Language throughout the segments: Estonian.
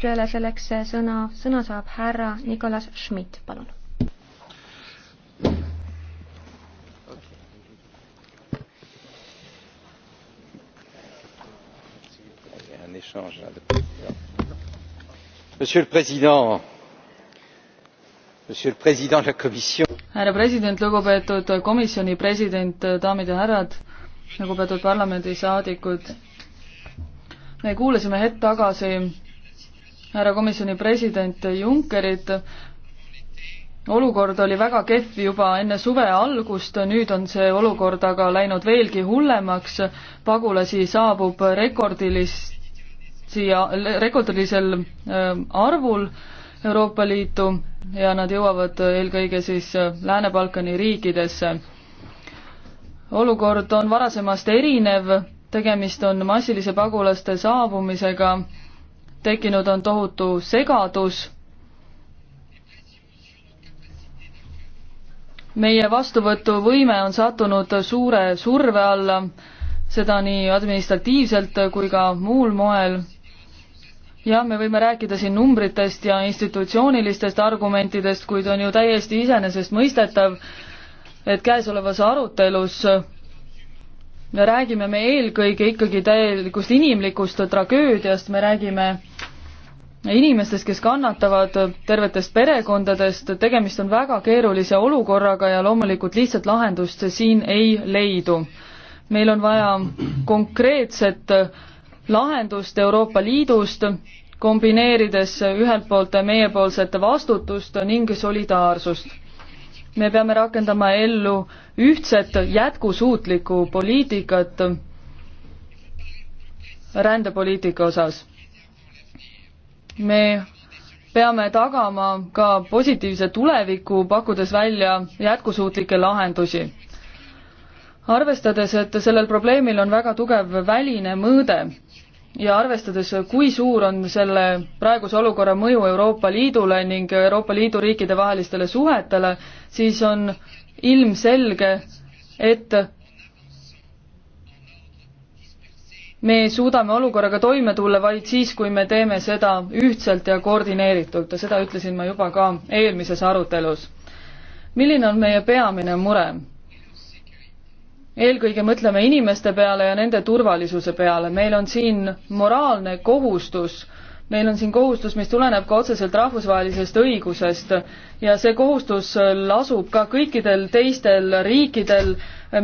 peale selleks sõna, sõna saab härra Nikolas Schmidt, palun. Monsieur le Président, Monsieur le Président de la Commission. härra president, lugupeetud komisjoni president, daamid ja härrad, lugupeetud parlamendisaadikud. me kuulasime hetk tagasi härra komisjoni president Junckerit. olukord oli väga kehv juba enne suve algust, nüüd on see olukord aga läinud veelgi hullemaks. pagulasi saabub rekordilist, siia rekordilisel ähm, arvul Euroopa Liitu ja nad jõuavad eelkõige siis äh, Lääne-Balkani riikidesse. olukord on varasemast erinev, tegemist on massilise pagulaste saabumisega tekkinud on tohutu segadus. meie vastuvõtuvõime on sattunud suure surve alla, seda nii administratiivselt kui ka muul moel. jah, me võime rääkida siin numbritest ja institutsioonilistest argumentidest, kuid on ju täiesti iseenesestmõistetav, et käesolevas arutelus me räägime me eelkõige ikkagi täielikust inimlikust tragöödiast, me räägime inimestest, kes kannatavad, tervetest perekondadest, tegemist on väga keerulise olukorraga ja loomulikult lihtsat lahendust siin ei leidu. meil on vaja konkreetset lahendust Euroopa Liidust, kombineerides ühelt poolt meiepoolset vastutust ning solidaarsust me peame rakendama ellu ühtset jätkusuutlikku poliitikat rändepoliitika osas. me peame tagama ka positiivse tuleviku, pakkudes välja jätkusuutlikke lahendusi. arvestades, et sellel probleemil on väga tugev väline mõõde, ja arvestades, kui suur on selle praeguse olukorra mõju Euroopa Liidule ning Euroopa Liidu riikide vahelistele suhetele, siis on ilmselge, et me suudame olukorraga toime tulla vaid siis, kui me teeme seda ühtselt ja koordineeritult ja seda ütlesin ma juba ka eelmises arutelus. milline on meie peamine mure? eelkõige mõtleme inimeste peale ja nende turvalisuse peale, meil on siin moraalne kohustus, meil on siin kohustus, mis tuleneb ka otseselt rahvusvahelisest õigusest ja see kohustus lasub ka kõikidel teistel riikidel,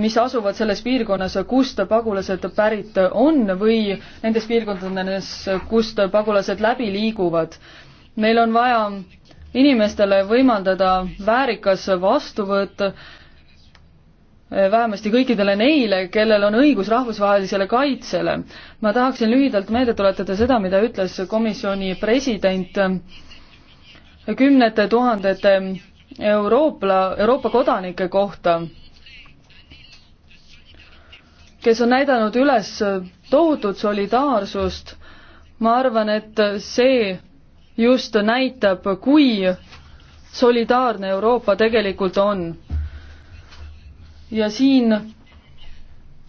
mis asuvad selles piirkonnas, kust pagulased pärit on või nendes piirkondades, kust pagulased läbi liiguvad. meil on vaja inimestele võimaldada väärikas vastuvõtt, Eh, vähemasti kõikidele neile, kellel on õigus rahvusvahelisele kaitsele. ma tahaksin lühidalt meelde tuletada seda, mida ütles komisjoni president kümnete tuhandete Euroopa, Euroopa kodanike kohta, kes on näidanud üles tohutut solidaarsust. ma arvan, et see just näitab, kui solidaarne Euroopa tegelikult on ja siin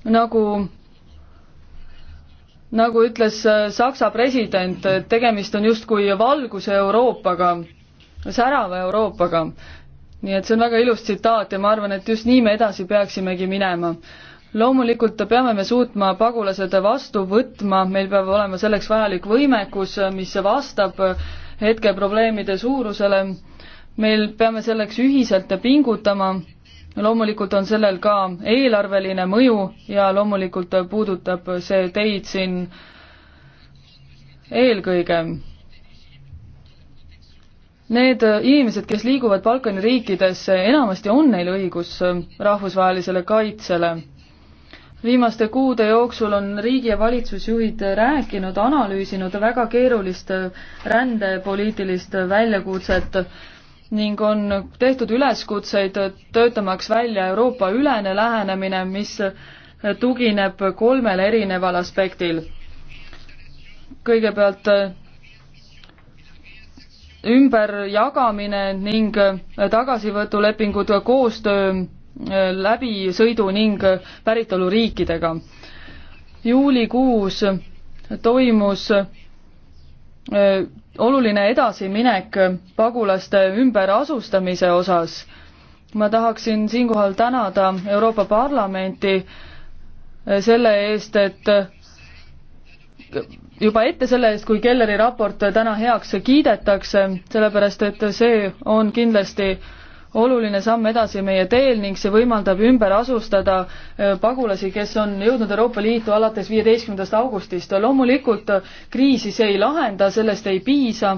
nagu nagu ütles äh, Saksa president, et tegemist on justkui valguse Euroopaga, särava Euroopaga. nii et see on väga ilus tsitaat ja ma arvan, et just nii me edasi peaksimegi minema. loomulikult peame me suutma pagulased vastu võtma, meil peab olema selleks vajalik võimekus, mis vastab hetke probleemide suurusele, meil peame selleks ühiselt pingutama loomulikult on sellel ka eelarveline mõju ja loomulikult puudutab see teid siin eelkõige. Need inimesed, kes liiguvad Balkani riikidesse, enamasti on neil õigus rahvusvahelisele kaitsele. viimaste kuude jooksul on riigi- ja valitsusjuhid rääkinud, analüüsinud väga keerulist rändepoliitilist väljakutset ning on tehtud üleskutseid töötamaks välja Euroopa-ülene lähenemine, mis tugineb kolmel erineval aspektil. kõigepealt ümberjagamine ning tagasivõtulepingud koostöö äh, läbisõidu ning päritoluriikidega. juulikuus toimus äh, oluline edasiminek pagulaste ümberasustamise osas. ma tahaksin siinkohal tänada Euroopa Parlamenti selle eest, et juba ette selle eest, kui Kelleri raport täna heaks kiidetakse, sellepärast et see on kindlasti oluline samm edasi meie teel ning see võimaldab ümber asustada äh, pagulasi, kes on jõudnud Euroopa Liitu alates viieteistkümnendast augustist. loomulikult kriisi see ei lahenda, sellest ei piisa,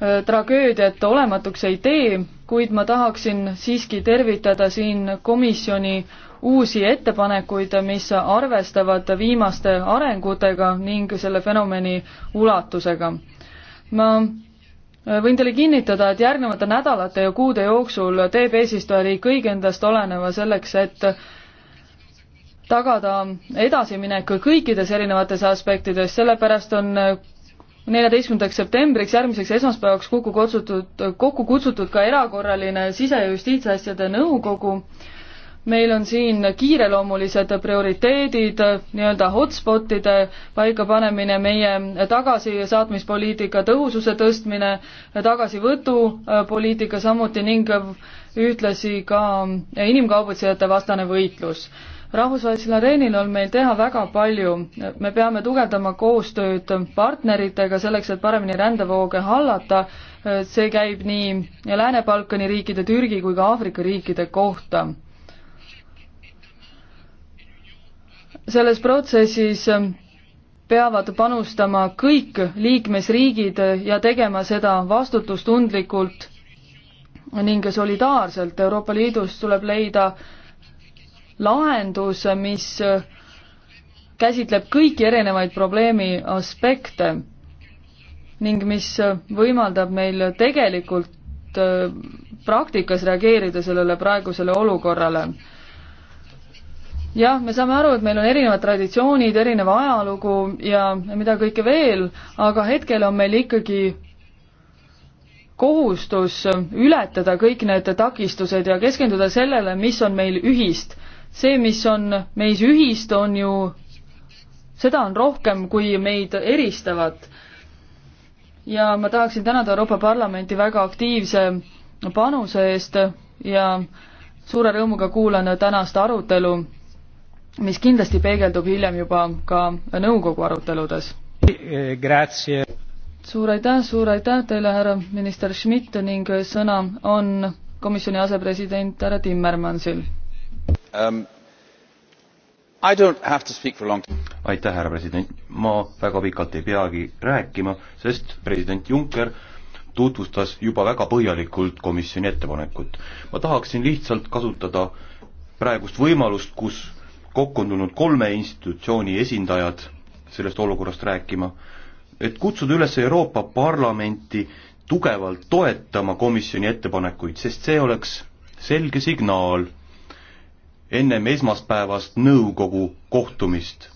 äh, tragöödiat olematuks ei tee, kuid ma tahaksin siiski tervitada siin komisjoni uusi ettepanekuid, mis arvestavad viimaste arengutega ning selle fenomeni ulatusega. ma võin teile kinnitada, et järgnevate nädalate ja kuude jooksul teeb eesistujariik kõik endast oleneva selleks, et tagada edasiminek kõikides erinevates aspektides, sellepärast on neljateistkümnendaks septembriks, järgmiseks esmaspäevaks kokku kutsutud, kokku kutsutud ka erakorraline sise- ja justiitsasjade nõukogu, meil on siin kiireloomulised prioriteedid, nii-öelda hotspotide paikapanemine, meie tagasisaatmispoliitika tõhususe tõstmine, tagasivõtupoliitika äh, samuti ning ühtlasi ka inimkaubitsejate vastane võitlus. rahvusvahelisel areenil on meil teha väga palju, me peame tugevdama koostööd partneritega selleks, et paremini rändevooge hallata, äh, see käib nii Lääne-Balkani riikide, Türgi kui ka Aafrika riikide kohta selles protsessis ähm, peavad panustama kõik liikmesriigid äh, ja tegema seda vastutustundlikult ning solidaarselt. Euroopa Liidus tuleb leida lahendus, äh, mis äh, käsitleb kõiki erinevaid probleemi aspekte ning mis võimaldab meil tegelikult praktikas reageerida sellele praegusele olukorrale jah, me saame aru, et meil on erinevad traditsioonid, erinev ajalugu ja mida kõike veel, aga hetkel on meil ikkagi kohustus ületada kõik need takistused ja keskenduda sellele, mis on meil ühist. see, mis on meis ühist, on ju, seda on rohkem, kui meid eristavad. ja ma tahaksin tänada Euroopa Parlamenti väga aktiivse panuse eest ja suure rõõmuga kuulan tänast arutelu mis kindlasti peegeldub hiljem juba ka nõukogu aruteludes. suur aitäh, suur aitäh teile, härra minister Schmidt ning sõna on komisjoni asepresident härra Timmermansil um,. aitäh, härra president, ma väga pikalt ei peagi rääkima, sest president Juncker tutvustas juba väga põhjalikult komisjoni ettepanekut. ma tahaksin lihtsalt kasutada praegust võimalust, kus kokku on tulnud kolme institutsiooni esindajad sellest olukorrast rääkima, et kutsuda üles Euroopa Parlamenti tugevalt toetama komisjoni ettepanekuid, sest see oleks selge signaal ennem esmaspäevast nõukogu kohtumist.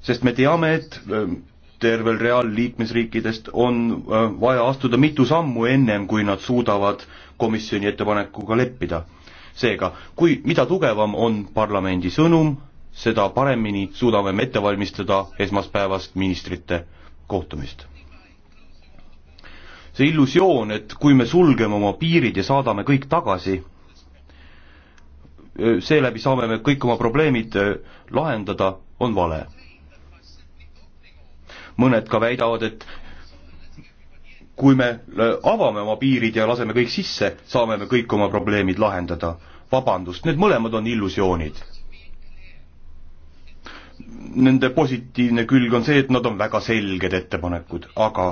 sest me teame, et ähm, tervel real liikmesriikidest on äh, vaja astuda mitu sammu ennem, kui nad suudavad komisjoni ettepanekuga leppida seega, kui, mida tugevam on parlamendi sõnum, seda paremini suudame me ette valmistada esmaspäevast ministrite kohtumist. see illusioon, et kui me sulgeme oma piirid ja saadame kõik tagasi, seeläbi saame me kõik oma probleemid äh, lahendada, on vale. mõned ka väidavad, et kui me äh, avame oma piirid ja laseme kõik sisse, saame me kõik oma probleemid lahendada. vabandust, need mõlemad on illusioonid. Nende positiivne külg on see, et nad on väga selged ettepanekud, aga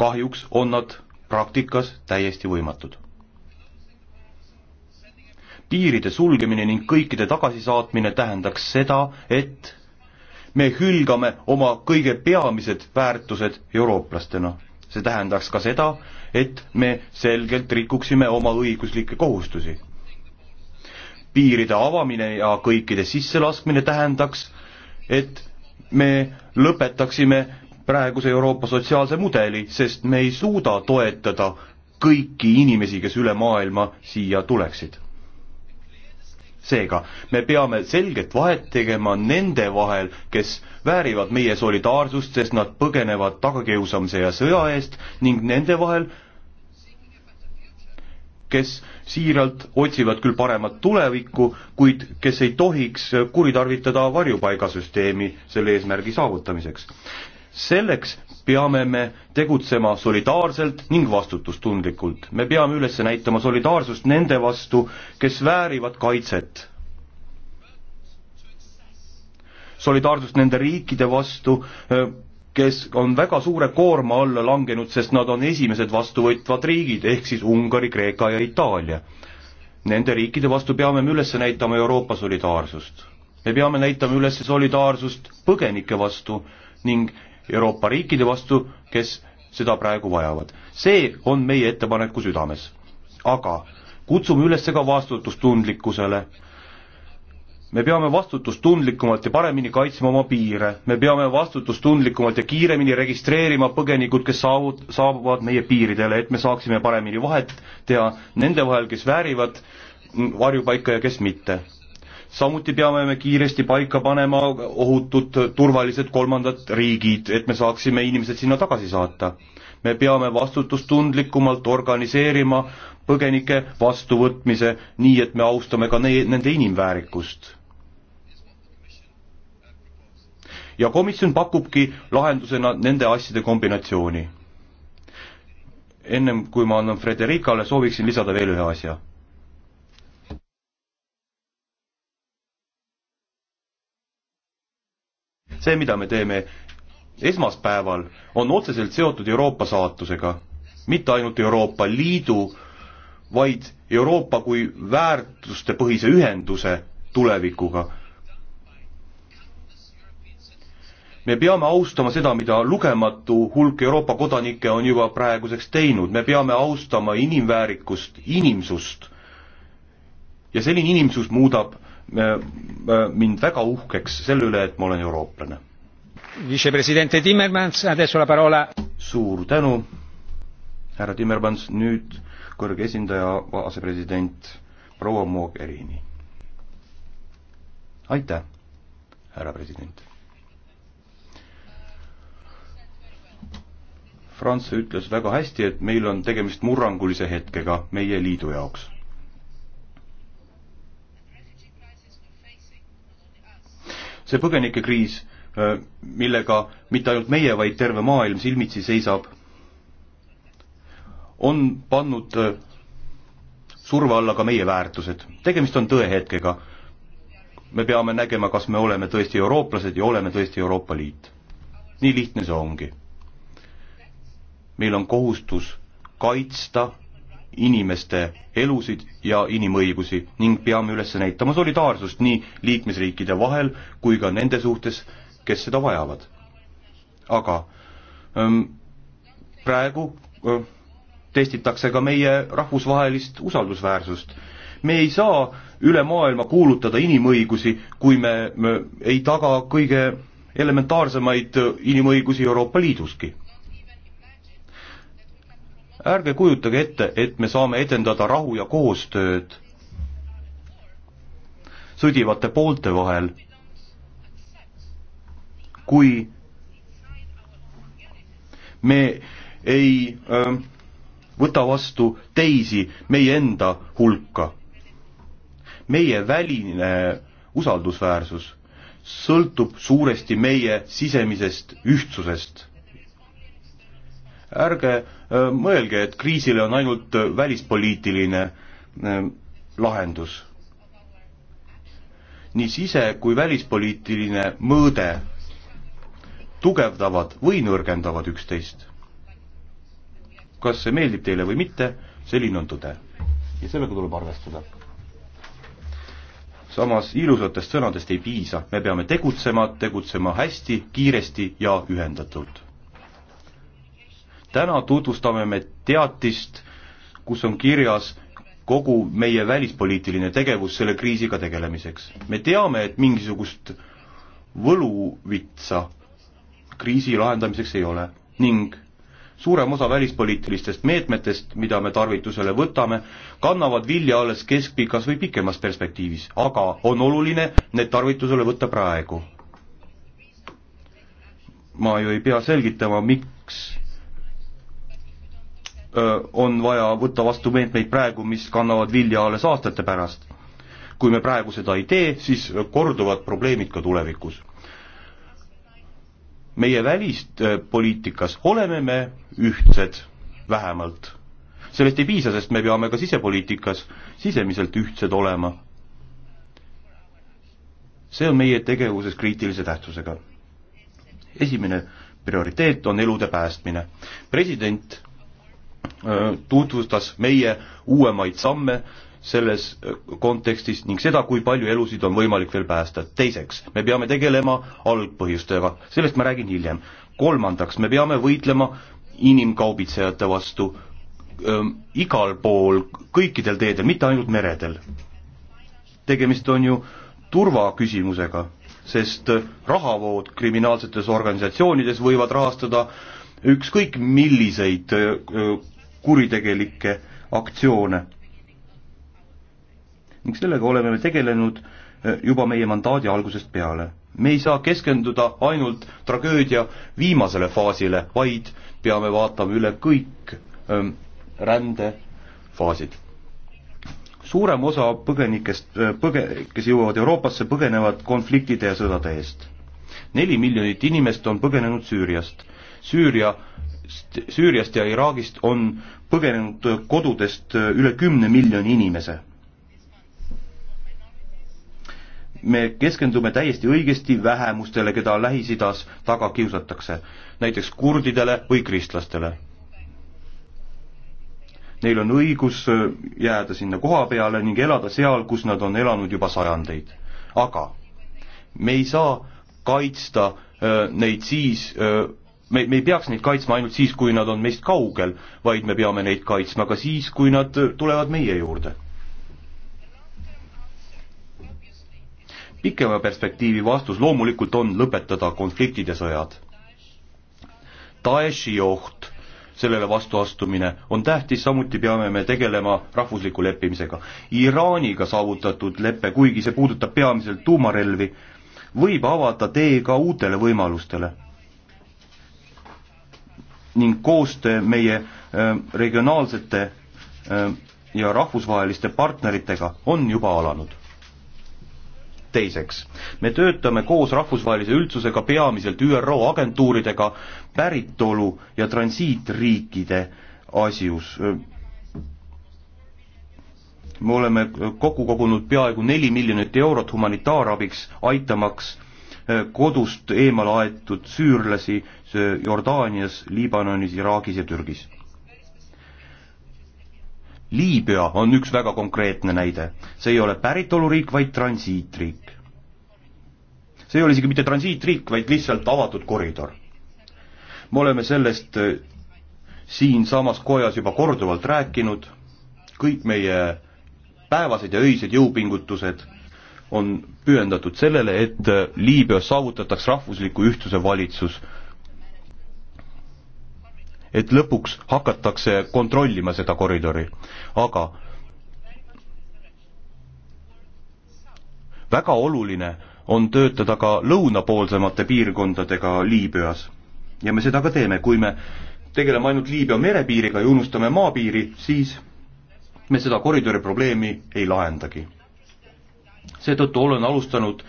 kahjuks on nad praktikas täiesti võimatud. piiride sulgemine ning kõikide tagasisaatmine tähendaks seda, et me hülgame oma kõige peamised väärtused eurooplastena. see tähendaks ka seda, et me selgelt rikuksime oma õiguslikke kohustusi. piiride avamine ja kõikide sisselaskmine tähendaks, et me lõpetaksime praeguse Euroopa sotsiaalse mudeli, sest me ei suuda toetada kõiki inimesi, kes üle maailma siia tuleksid seega me peame selget vahet tegema nende vahel, kes väärivad meie solidaarsust, sest nad põgenevad tagakiusamise ja sõja eest ning nende vahel, kes siiralt otsivad küll paremat tulevikku, kuid kes ei tohiks kuritarvitada varjupaigasüsteemi selle eesmärgi saavutamiseks. selleks peame me tegutsema solidaarselt ning vastutustundlikult. me peame üles näitama solidaarsust nende vastu, kes väärivad kaitset. solidaarsust nende riikide vastu, eh, kes on väga suure koorma alla langenud, sest nad on esimesed vastuvõtvad riigid, ehk siis Ungari, Kreeka ja Itaalia. Nende riikide vastu peame me üles näitama Euroopa solidaarsust. me peame näitama üles solidaarsust põgenike vastu ning Euroopa riikide vastu, kes seda praegu vajavad. see on meie ettepaneku südames. aga kutsume üles ka vastutustundlikkusele. me peame vastutustundlikumalt ja paremini kaitsma oma piire, me peame vastutustundlikumalt ja kiiremini registreerima põgenikud, kes saavut-, saabuvad meie piiridele, et me saaksime paremini vahet teha nende vahel, kes väärivad varjupaika ja kes mitte samuti peame me kiiresti paika panema ohutud turvalised kolmandad riigid, et me saaksime inimesed sinna tagasi saata. me peame vastutustundlikumalt organiseerima põgenike vastuvõtmise, nii et me austame ka ne-, nende inimväärikust. ja komisjon pakubki lahendusena nende asjade kombinatsiooni. ennem kui ma annan Fredericale, sooviksin lisada veel ühe asja see, mida me teeme esmaspäeval, on otseselt seotud Euroopa saatusega. mitte ainult Euroopa Liidu, vaid Euroopa kui väärtustepõhise ühenduse tulevikuga. me peame austama seda, mida lugematu hulk Euroopa kodanikke on juba praeguseks teinud, me peame austama inimväärikust, inimsust. ja selline inimsus muudab Äh, äh, mind väga uhkeks selle üle, et ma olen eurooplane. Vicepresidente Timmermans, adesso la parola. suur tänu, härra Timmermans, nüüd kõrge esindaja, asepresident proua Mogherini. aitäh, härra president. Franz ütles väga hästi, et meil on tegemist murrangulise hetkega meie liidu jaoks see põgenikekriis, äh, millega mitte ainult meie, vaid terve maailm silmitsi seisab, on pannud äh, surve alla ka meie väärtused. tegemist on tõehetkega. me peame nägema, kas me oleme tõesti eurooplased ja oleme tõesti Euroopa Liit. nii lihtne see ongi. meil on kohustus kaitsta inimeste elusid ja inimõigusi ning peame üles näitama solidaarsust nii liikmesriikide vahel kui ka nende suhtes, kes seda vajavad. aga ähm, praegu äh, testitakse ka meie rahvusvahelist usaldusväärsust. me ei saa üle maailma kuulutada inimõigusi, kui me, me ei taga kõige elementaarsemaid äh, inimõigusi Euroopa Liiduski ärge kujutage ette, et me saame edendada rahu ja koostööd sõdivate poolte vahel, kui me ei öö, ähm, võta vastu teisi meie enda hulka. meie väline usaldusväärsus sõltub suuresti meie sisemisest ühtsusest. ärge Äh, mõelge, et kriisile on ainult äh, välispoliitiline äh, lahendus. nii sise- kui välispoliitiline mõõde tugevdavad või nõrgendavad üksteist. kas see meeldib teile või mitte, selline on tõde. ja sellega tuleb arvestada. samas ilusatest sõnadest ei piisa, me peame tegutsema, tegutsema hästi, kiiresti ja ühendatult täna tutvustame me teatist, kus on kirjas kogu meie välispoliitiline tegevus selle kriisiga tegelemiseks. me teame, et mingisugust võluvitsa kriisi lahendamiseks ei ole ning suurem osa välispoliitilistest meetmetest, mida me tarvitusele võtame, kannavad vilja alles keskpikas või pikemas perspektiivis, aga on oluline need tarvitusele võtta praegu. ma ju ei pea selgitama, miks on vaja võtta vastu meetmeid praegu, mis kannavad vilja alles aastate pärast. kui me praegu seda ei tee, siis korduvad probleemid ka tulevikus. meie välispoliitikas oleme me ühtsed, vähemalt. sellest ei piisa, sest me peame ka sisepoliitikas sisemiselt ühtsed olema. see on meie tegevuses kriitilise tähtsusega. esimene prioriteet on elude päästmine. president Äh, tutvustas meie uuemaid samme selles äh, kontekstis ning seda, kui palju elusid on võimalik veel päästa. teiseks, me peame tegelema algpõhjustega, sellest ma räägin hiljem. kolmandaks, me peame võitlema inimkaubitsejate vastu ähm, igal pool, kõikidel teedel, mitte ainult meredel. tegemist on ju turvaküsimusega, sest äh, rahavood kriminaalsetes organisatsioonides võivad rahastada äh, ükskõik milliseid äh, kuritegelikke aktsioone. ning sellega oleme me tegelenud äh, juba meie mandaadi algusest peale. me ei saa keskenduda ainult tragöödia viimasele faasile, vaid peame vaatama üle kõik ähm, rändefaasid. suurem osa põgenikest, äh, põge-, kes jõuavad Euroopasse, põgenevad konfliktide ja sõdade eest. neli miljonit inimest on põgenenud Süüriast Süüria, Süüriast ja Iraagist on põgenenud kodudest üle kümne miljoni inimese. me keskendume täiesti õigesti vähemustele, keda Lähis-Idas taga kiusatakse, näiteks kurdidele või kristlastele neil on õigus äh, jääda sinna koha peale ning elada seal, kus nad on elanud juba sajandeid. aga me ei saa kaitsta äh, neid siis äh, me, me ei peaks neid kaitsma ainult siis, kui nad on meist kaugel, vaid me peame neid kaitsma ka siis, kui nad tulevad meie juurde. pikema perspektiivi vastus loomulikult on lõpetada konfliktid ja sõjad. Daeshi oht, sellele vastuastumine on tähtis, samuti peame me tegelema rahvusliku leppimisega. Iraaniga saavutatud lepe, kuigi see puudutab peamiselt tuumarelvi, võib avada tee ka uutele võimalustele ning koostöö meie regionaalsete ja rahvusvaheliste partneritega on juba alanud. teiseks, me töötame koos rahvusvahelise üldsusega peamiselt ÜRO agentuuridega päritolu- ja transiitriikide asjus. me oleme kokku kogunud peaaegu neli miljonit eurot humanitaarabiks, aitamaks kodust eemale aetud süürlasi Jordaanias, Liibanonis, Iraagis ja Türgis. Liibüa on üks väga konkreetne näide, see ei ole päritoluriik, vaid transiitriik. see ei ole isegi mitte transiitriik, vaid lihtsalt avatud koridor. me oleme sellest siinsamas kojas juba korduvalt rääkinud, kõik meie päevased ja öised jõupingutused on pühendatud sellele, et Liibüas saavutataks rahvusliku ühtsuse valitsus et lõpuks hakatakse kontrollima seda koridori, aga väga oluline on töötada ka lõunapoolsemate piirkondadega Liibüas. ja me seda ka teeme, kui me tegeleme ainult Liibüa merepiiriga ja unustame maapiiri, siis me seda koridori probleemi ei lahendagi. seetõttu olen alustanud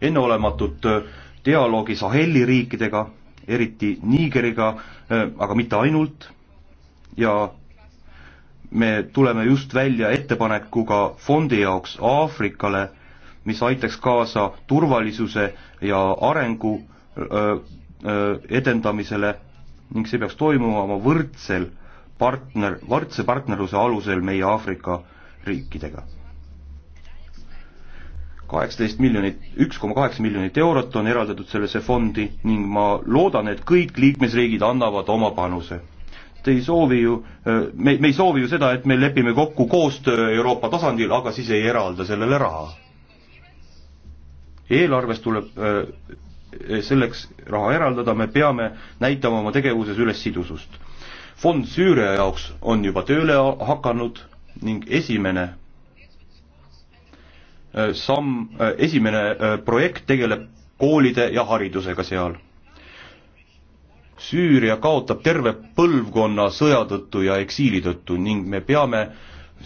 enneolematut äh, dialoogi Saheli riikidega eriti Nigeriga, äh, aga mitte ainult, ja me tuleme just välja ettepanekuga fondi jaoks Aafrikale, mis aitaks kaasa turvalisuse ja arengu öö, äh, öö, äh, edendamisele ning see peaks toimuma oma võrdsel partner, võrdse partnerluse alusel meie Aafrika riikidega kaheksateist miljonit, üks koma kaheksa miljonit eurot on eraldatud sellesse fondi ning ma loodan, et kõik liikmesriigid annavad oma panuse. Te ei soovi ju, me, me ei soovi ju seda, et me lepime kokku koostöö Euroopa tasandil, aga siis ei eralda sellele raha. eelarves tuleb selleks raha eraldada, me peame näitama oma tegevuses üles sidusust. fond Süüria jaoks on juba tööle hakanud ning esimene Äh, samm, äh, esimene äh, projekt tegeleb koolide ja haridusega seal. Süüria kaotab terve põlvkonna sõja tõttu ja eksiili tõttu ning me peame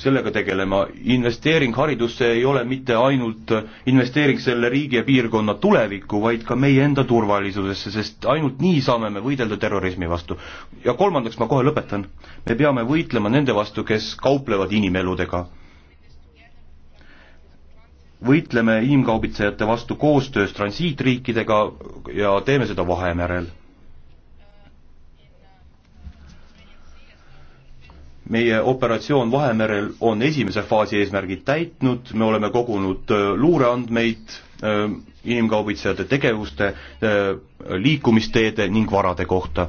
sellega tegelema, investeering haridusse ei ole mitte ainult investeering selle riigi ja piirkonna tulevikku, vaid ka meie enda turvalisusesse, sest ainult nii saame me võidelda terrorismi vastu. ja kolmandaks, ma kohe lõpetan, me peame võitlema nende vastu, kes kauplevad inimeludega võitleme inimkaubitsejate vastu koostöös transiitriikidega ja teeme seda Vahemerel. meie operatsioon Vahemerel on esimese faasi eesmärgid täitnud, me oleme kogunud äh, luureandmeid äh, inimkaubitsejate tegevuste, äh, liikumisteede ning varade kohta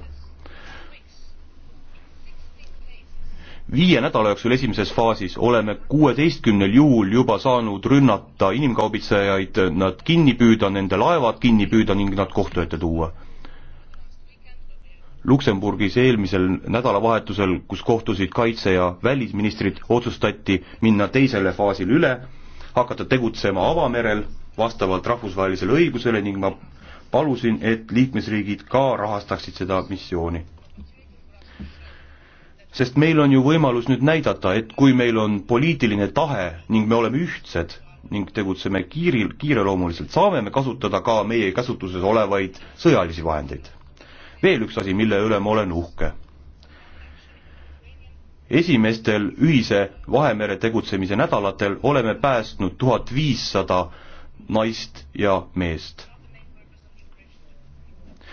viie nädala jooksul esimeses faasis oleme kuueteistkümnel juhul juba saanud rünnata inimkaubitsejaid, nad kinni püüda, nende laevad kinni püüda ning nad kohtu ette tuua. Luksemburgis eelmisel nädalavahetusel, kus kohtusid kaitse- ja välisministrid, otsustati minna teisele faasile üle, hakata tegutsema avamerel vastavalt rahvusvahelisele õigusele ning ma palusin, et liikmesriigid ka rahastaksid seda missiooni sest meil on ju võimalus nüüd näidata, et kui meil on poliitiline tahe ning me oleme ühtsed ning tegutseme kiiril, kiireloomuliselt, saame me kasutada ka meie käsutuses olevaid sõjalisi vahendeid. veel üks asi, mille üle ma olen uhke. esimestel ühise Vahemere tegutsemise nädalatel oleme päästnud tuhat viissada naist ja meest.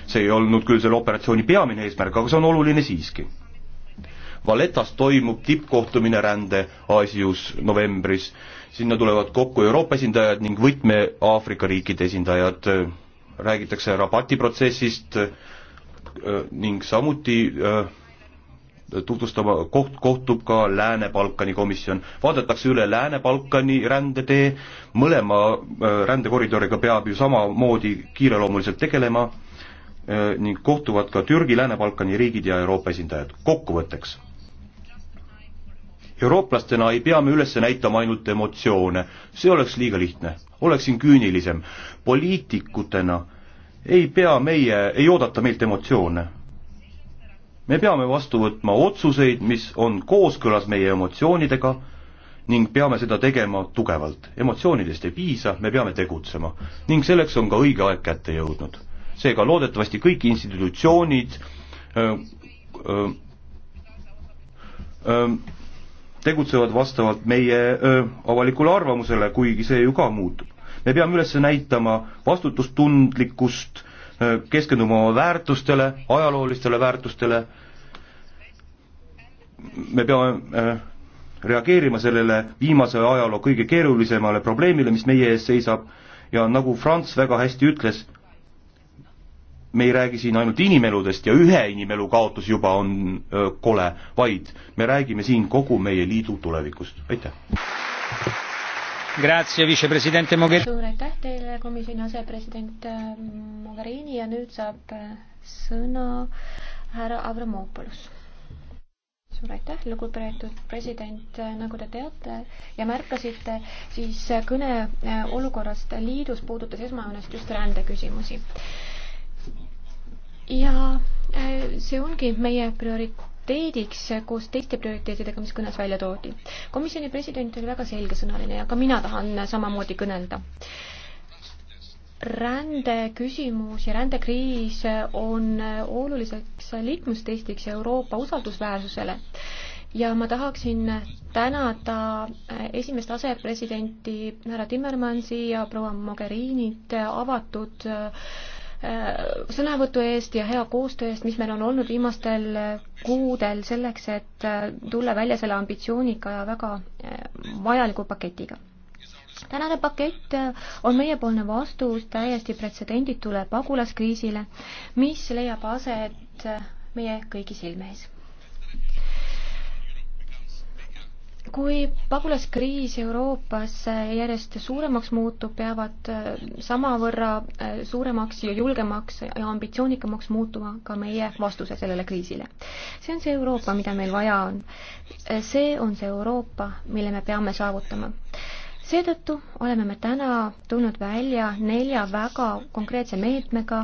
see ei olnud küll selle operatsiooni peamine eesmärk, aga see on oluline siiski Valetas toimub tippkohtumine rände Aasius novembris. sinna tulevad kokku Euroopa esindajad ning võtme Aafrika riikide esindajad. räägitakse Rabati protsessist äh, ning samuti äh, tutvustama, koht, kohtub ka Lääne-Balkani komisjon. vaadatakse üle Lääne-Balkani rändetee, mõlema äh, rändekoridoriga peab ju samamoodi kiireloomuliselt tegelema ning kohtuvad ka Türgi, Lääne-Balkani riigid ja Euroopa esindajad. kokkuvõtteks eurooplastena ei pea me üles näitama ainult emotsioone, see oleks liiga lihtne, oleksin küünilisem. poliitikutena ei pea meie, ei oodata meilt emotsioone. me peame vastu võtma otsuseid, mis on kooskõlas meie emotsioonidega ning peame seda tegema tugevalt. emotsioonidest ei piisa, me peame tegutsema. ning selleks on ka õige aeg kätte jõudnud. seega loodetavasti kõik institutsioonid öö, öö, öö, tegutsevad vastavalt meie öö, avalikule arvamusele, kuigi see ju ka muutub. me peame üles näitama vastutustundlikkust, keskenduma oma väärtustele, ajaloolistele väärtustele, me peame öö, reageerima sellele viimase ajaloo kõige keerulisemale probleemile, mis meie ees seisab ja nagu Franz väga hästi ütles, me ei räägi siin ainult inimeludest ja ühe inimelu kaotus juba on öö, kole, vaid me räägime siin kogu meie liidu tulevikust, aitäh. suur aitäh teile, komisjoni asepresident ähm, Mogherini ja nüüd saab äh, sõna härra Avramopoulos suur aitäh, lugupeetud president, äh, nagu te teate ja märkasite, siis kõne äh, olukorrast liidus puudutas esmajoones just rändeküsimusi ja äh, see ongi meie prioriteediks koos teiste prioriteetidega, mis kõnes välja toodi. komisjoni president oli väga selgesõnaline ja ka mina tahan samamoodi kõnelda rändeküsimus ja rändekriis on oluliseks liikmustestiks Euroopa usaldusväärsusele ja ma tahaksin tänada äh, esimest asepresidenti härra Timmermansi ja proua Mogherinit äh, avatud äh, Äh, sõnavõtu eest ja hea koostöö eest, mis meil on olnud viimastel äh, kuudel selleks, et äh, tulla välja selle ambitsioonika ja väga vajaliku paketiga. tänane pakett on meiepoolne vastus täiesti pretsedenditule pagulaskriisile, mis leiab aset meie kõigi silme ees kui pagulaskriis Euroopas äh, järjest suuremaks muutub, peavad äh, samavõrra äh, suuremaks ja julgemaks ja ambitsioonikamaks muutuma ka meie vastuse sellele kriisile. see on see Euroopa, mida meil vaja on. see on see Euroopa, mille me peame saavutama seetõttu oleme me täna tulnud välja nelja väga konkreetse meetmega,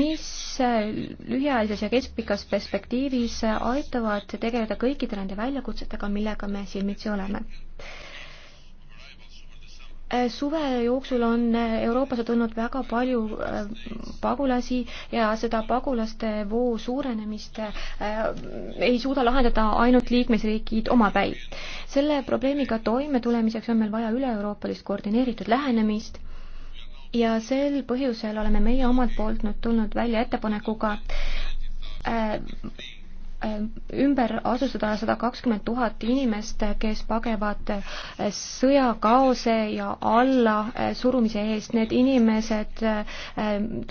mis lühiajalises ja keskpikas perspektiivis aitavad tegeleda kõikide nende väljakutsetega, millega me silmitsi oleme. Äh, suve jooksul on äh, Euroopasse tulnud väga palju äh, pagulasi ja seda pagulaste voo suurenemist ei suuda lahendada ainult liikmesriigid omapäi. selle probleemiga toimetulemiseks on meil vaja üle-euroopalist koordineeritud lähenemist ja sel põhjusel oleme meie omalt poolt nüüd tulnud välja ettepanekuga Äh, ümber asustada sada kakskümmend tuhat inimest, kes pagevad äh, sõjakaose ja allasurumise äh, eest. Need inimesed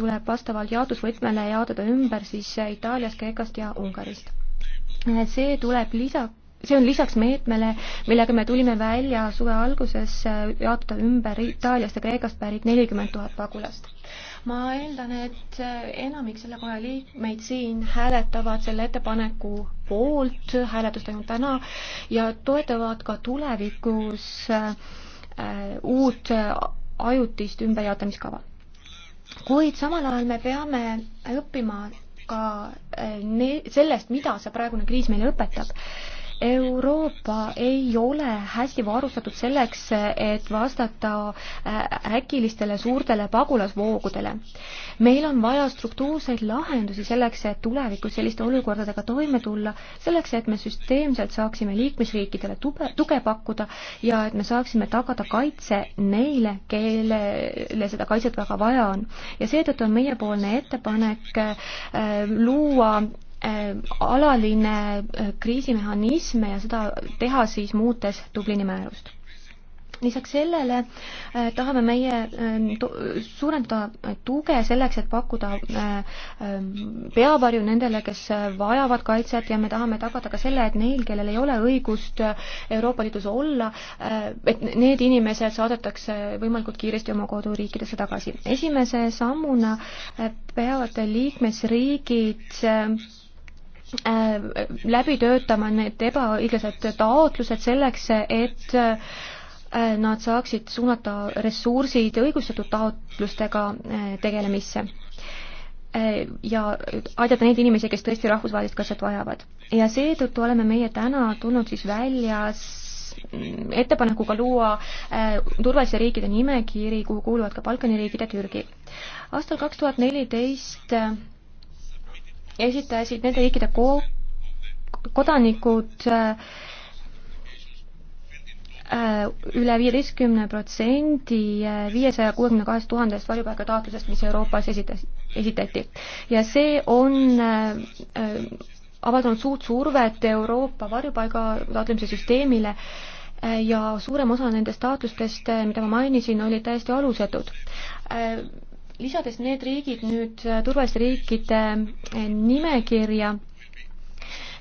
tuleb vastavalt jaotusvõtmele jaotada ümber siis Itaaliast, Kreekast ja Ungarist. see tuleb lisaks see on lisaks meetmele, millega me tulime välja suve alguses jaotada ümber Itaaliast ja Kreekast pärit nelikümmend tuhat pagulast ma eeldan, et enamik selle koja liikmeid siin hääletavad selle ettepaneku poolt, hääletus toimub täna, ja toetavad ka tulevikus äh, uut ajutist ümberjaotamiskava. kuid samal ajal me peame õppima ka äh, ne-, sellest, mida see praegune kriis meile õpetab Euroopa ei ole hästi varustatud selleks, et vastata äh, äkilistele suurtele pagulasvoogudele. meil on vaja struktuurseid lahendusi selleks, et tulevikus selliste olukordadega toime tulla, selleks, et me süsteemselt saaksime liikmesriikidele tube, tuge pakkuda ja et me saaksime tagada kaitse neile, kellele seda kaitset väga vaja on. ja seetõttu on meiepoolne ettepanek äh, luua Äh, alaline äh, kriisimehhanism ja seda teha siis muutes Dublini määrust. lisaks sellele äh, tahame meie suurendada tuge selleks, et pakkuda peavarju nendele, kes vajavad kaitset ja me tahame tagada ka selle, et neil, kellel ei ole õigust Euroopa Liidus olla, et need inimesed saadetakse võimalikult kiiresti oma koduriikidesse tagasi. esimese sammuna peavad liikmesriigid Äh, läbi töötama need ebaõiglased taotlused selleks, et äh, nad saaksid suunata ressursid õigustatud taotlustega äh, tegelemisse ja aidata neid inimesi, kes tõesti rahvusvahelist kaitset vajavad. ja seetõttu oleme meie täna tulnud siis välja ettepanekuga luua turvalise riikide nimekiri, kuhu kuuluvad ka Balkani riigid ja Türgi. aastal kaks tuhat neliteist esitasid nende riikide ko-, kodanikud äh, äh, üle viieteistkümne protsendi äh, viiesaja kuuekümne kahest tuhandest varjupaigataotlusest, mis Euroopas esitas, esitati. ja see on avaldanud suurt survet Euroopa varjupaiga taotlemise süsteemile ja suurem osa nendest taotlustest, mida ma mainisin, olid täiesti alusetud lisades need riigid nüüd turvaliste riikide nimekirja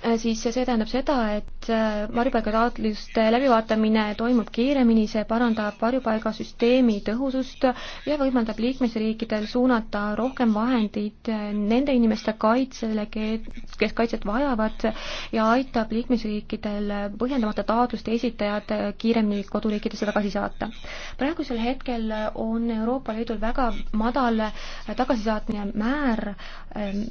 Äh, siis see tähendab seda, et äh, varjupaigataotluste läbivaatamine toimub kiiremini, see parandab varjupaigasüsteemi tõhusust ja võimaldab liikmesriikidel suunata rohkem vahendeid äh, nende inimeste kaitsele, kes kaitset vajavad ja aitab liikmesriikidel põhjendamata taotluste esitajad kiiremini koduriikidesse tagasi saata. praegusel hetkel on Euroopa Liidul väga madal tagasisaatmine määr ähm,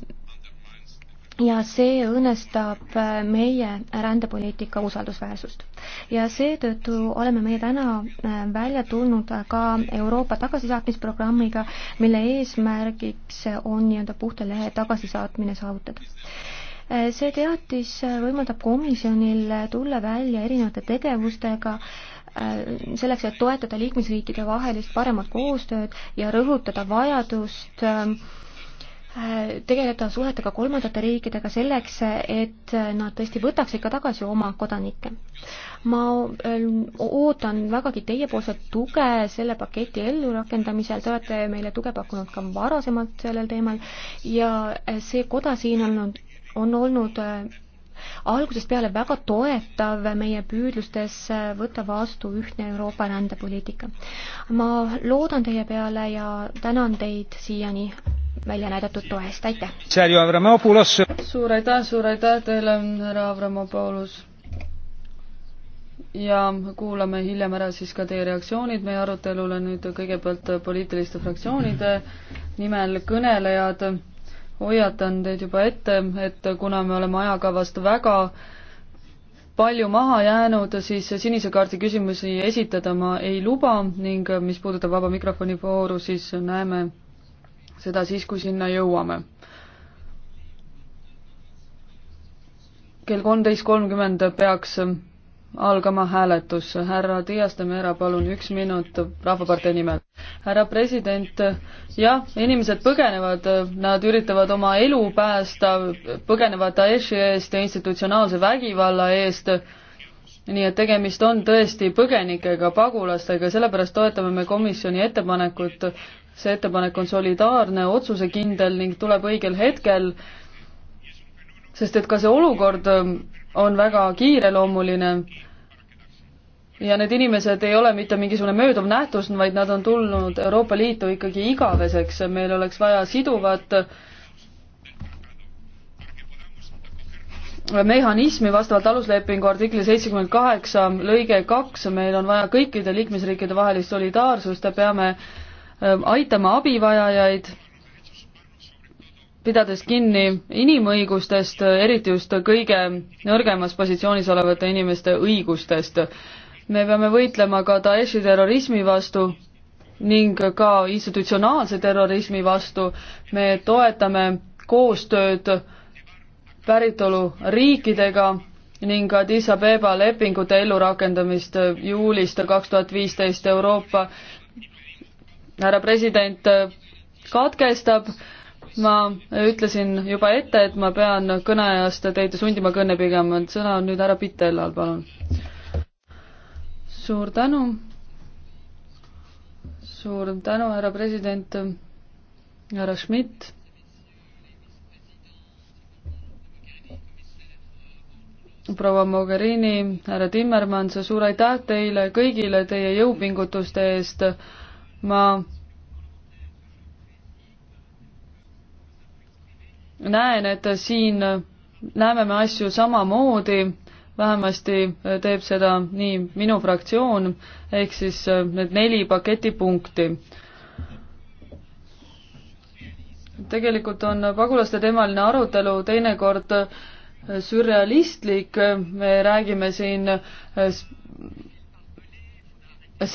ja see õõnestab äh, meie rändepoliitika usaldusväärsust. ja seetõttu oleme meie täna äh, välja tulnud äh, ka Euroopa tagasisaatmisprogrammiga, mille eesmärgiks on nii-öelda puhta lehe tagasisaatmine saavutada see teatis võimaldab komisjonil tulla välja erinevate tegevustega selleks, et toetada liikmesriikide vahelist paremat koostööd ja rõhutada vajadust äh, tegeleda suhetega kolmandate riikidega selleks, et nad tõesti võtaks ikka tagasi oma kodanikke. ma äh, ootan vägagi teiepoolset tuge selle paketi ellurakendamisel, te olete meile tuge pakkunud ka varasemalt sellel teemal ja see koda siin on olnud on olnud äh, algusest peale väga toetav meie püüdlustes võtta vastu ühtne Euroopa rändepoliitika. ma loodan teie peale ja tänan teid siiani välja näidatud toe eest, aitäh! suur aitäh, suur aitäh teile, härra Avramopoulos! ja kuulame hiljem ära siis ka teie reaktsioonid meie arutelule, nüüd kõigepealt poliitiliste fraktsioonide nimel kõnelejad hoiatan teid juba ette, et kuna me oleme ajakavast väga palju maha jäänud, siis sinise kaardi küsimusi esitada ma ei luba ning mis puudutab vaba mikrofoni vooru, siis näeme seda siis, kui sinna jõuame. kell kolmteist kolmkümmend peaks algama hääletus. härra Dias de Mera, palun, üks minut Rahvapartei nimel. härra president, jah, inimesed põgenevad, nad üritavad oma elu päästa, põgenevad Daeshi eest ja institutsionaalse vägivalla eest, nii et tegemist on tõesti põgenikega, pagulastega, sellepärast toetame me komisjoni ettepanekut, see ettepanek on solidaarne, otsusekindel ning tuleb õigel hetkel, sest et ka see olukord on väga kiireloomuline ja need inimesed ei ole mitte mingisugune mööduv nähtus, vaid nad on tulnud Euroopa Liitu ikkagi igaveseks, meil oleks vaja siduvat mehhanismi vastavalt aluslepingu artikli seitsekümmend kaheksa lõige kaks, meil on vaja kõikide liikmesriikide vahelist solidaarsust ja peame ähm, aitama abivajajaid pidades kinni inimõigustest, eriti just kõige nõrgemas positsioonis olevate inimeste õigustest. me peame võitlema ka Daeshi terrorismi vastu ning ka institutsionaalse terrorismi vastu. me toetame koostööd päritoluriikidega ning Addis Abeba lepingute ellurakendamist juulist kaks tuhat viisteist Euroopa härra president katkestab ma ütlesin juba ette, et ma pean kõneajast teid sundima kõne pigem, et sõna on nüüd härra Pitellal, palun. suur tänu. suur tänu, härra president, härra Schmidt. proua Mogherini, härra Timmermann, suur aitäh teile kõigile teie jõupingutuste eest. ma näen, et siin näeme me asju samamoodi, vähemasti teeb seda nii minu fraktsioon, ehk siis need neli paketipunkti tegelikult on pagulaste teemaline arutelu teinekord sürrealistlik, me räägime siin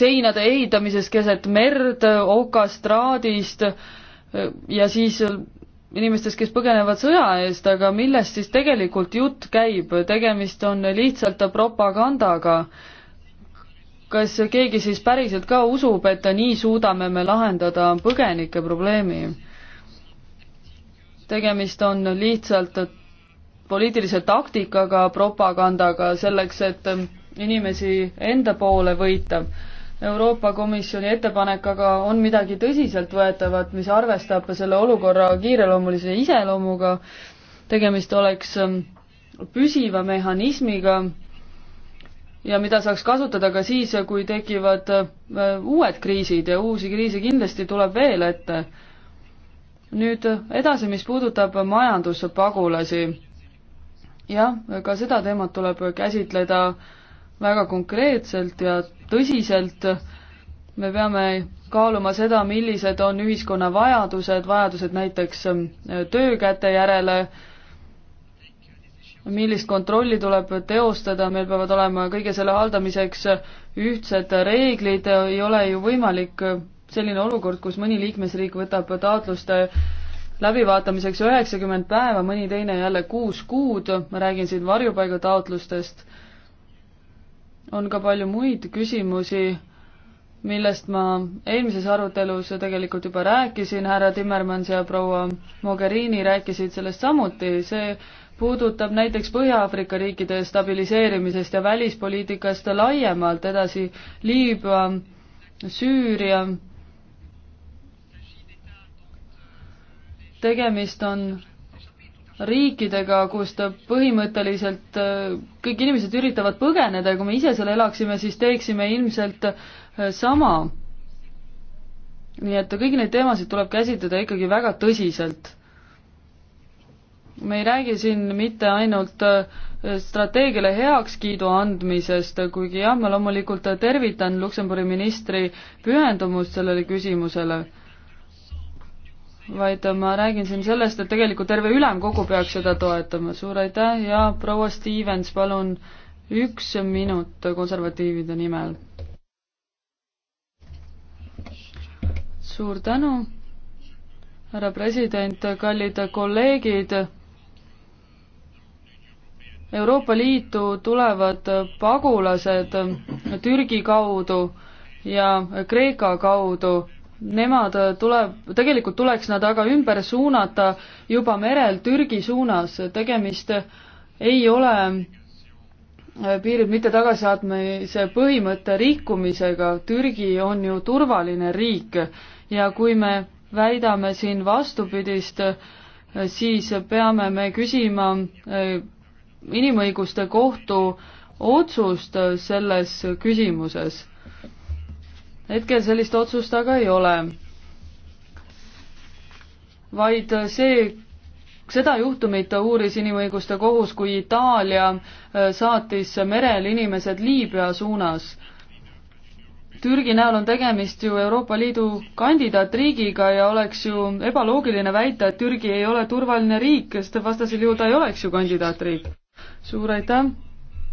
seinade ehitamisest keset merd, okastraadist ja siis inimestest, kes põgenevad sõja eest, aga millest siis tegelikult jutt käib, tegemist on lihtsalt propagandaga. kas keegi siis päriselt ka usub, et nii suudame me lahendada põgenike probleemi? tegemist on lihtsalt poliitilise taktikaga, propagandaga selleks, et inimesi enda poole võita Euroopa Komisjoni ettepanek aga on midagi tõsiseltvõetavat, mis arvestab selle olukorra kiireloomulise iseloomuga, tegemist oleks ähm, püsiva mehhanismiga ja mida saaks kasutada ka siis, kui tekivad äh, uued kriisid ja uusi kriise kindlasti tuleb veel ette. nüüd edasi, mis puudutab majanduspagulasi. jah, ka seda teemat tuleb käsitleda äh, väga konkreetselt ja tõsiselt. me peame kaaluma seda, millised on ühiskonna vajadused, vajadused näiteks ähm, töökäte järele, millist kontrolli tuleb teostada, meil peavad olema kõige selle haldamiseks ühtsed reeglid, ei ole ju võimalik selline olukord, kus mõni liikmesriik võtab taotluste läbivaatamiseks üheksakümmend päeva, mõni teine jälle kuus kuud, ma räägin siin varjupaigataotlustest, on ka palju muid küsimusi, millest ma eelmises arutelus tegelikult juba rääkisin, härra Timmermans ja proua Mogherini rääkisid sellest samuti, see puudutab näiteks Põhja-Aafrika riikide stabiliseerimisest ja välispoliitikast laiemalt edasi Liibüa, Süüria. tegemist on riikidega, kust põhimõtteliselt äh, kõik inimesed üritavad põgeneda ja kui me ise seal elaksime, siis teeksime ilmselt äh, sama. nii et kõiki neid teemasid tuleb käsitleda ikkagi väga tõsiselt. me ei räägi siin mitte ainult äh, strateegiale heakskiidu andmisest, kuigi jah, ma loomulikult tervitan Luksemburgi ministri pühendumust sellele küsimusele vaid ma räägin siin sellest, et tegelikult terve ülemkogu peaks seda toetama. suur aitäh ja proua Stevens, palun üks minut konservatiivide nimel. suur tänu, härra president, kallid kolleegid. Euroopa Liitu tulevad pagulased Türgi kaudu ja Kreeka kaudu nemad äh, tuleb, tegelikult tuleks nad aga ümber suunata juba merel Türgi suunas, tegemist ei ole äh, piirib mitte tagasisaatmise põhimõtte rikkumisega, Türgi on ju turvaline riik ja kui me väidame siin vastupidist, äh, siis peame me küsima inimõiguste kohtu otsust selles küsimuses hetkel sellist otsust aga ei ole. vaid see, seda juhtumit uuris Inimõiguste Kohus, kui Itaalia äh, saatis merel inimesed Liibüa suunas. Türgi näol on tegemist ju Euroopa Liidu kandidaatriigiga ja oleks ju ebaloogiline väita, et Türgi ei ole turvaline riik, sest vastasel juhul ta ei oleks ju kandidaatriik. suur aitäh,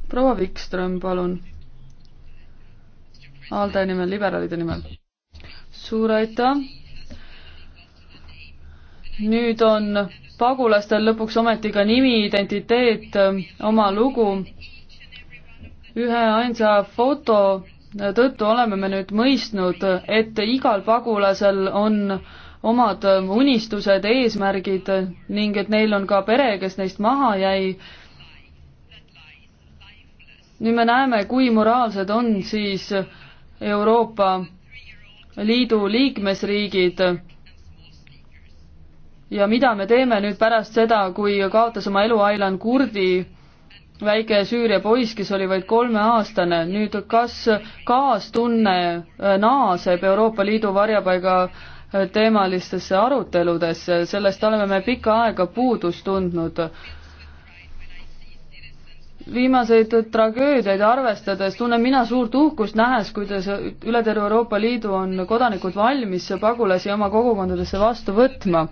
proua Vikström, palun ALDE nimel, liberaalide nimel. suur aitäh! nüüd on pagulastel lõpuks ometi ka nimi, identiteet, oma lugu. ühe ainsa foto tõttu oleme me nüüd mõistnud, et igal pagulasel on omad unistused, eesmärgid ning et neil on ka pere, kes neist maha jäi. nüüd me näeme, kui moraalsed on siis äh, Euroopa Liidu liikmesriigid ja mida me teeme nüüd pärast seda, kui kaotas oma elu Ailan kurdi väike Süüria poiss, kes oli vaid kolmeaastane, nüüd kas kaastunne äh, naaseb Euroopa Liidu varjapaiga äh, teemalistesse aruteludesse, sellest oleme me pikka aega puudust tundnud viimaseid tragöödiaid arvestades tunnen mina suurt uhkust, nähes, kuidas üle terve Euroopa Liidu on kodanikud valmis pagulasi oma kogukondadesse vastu võtma.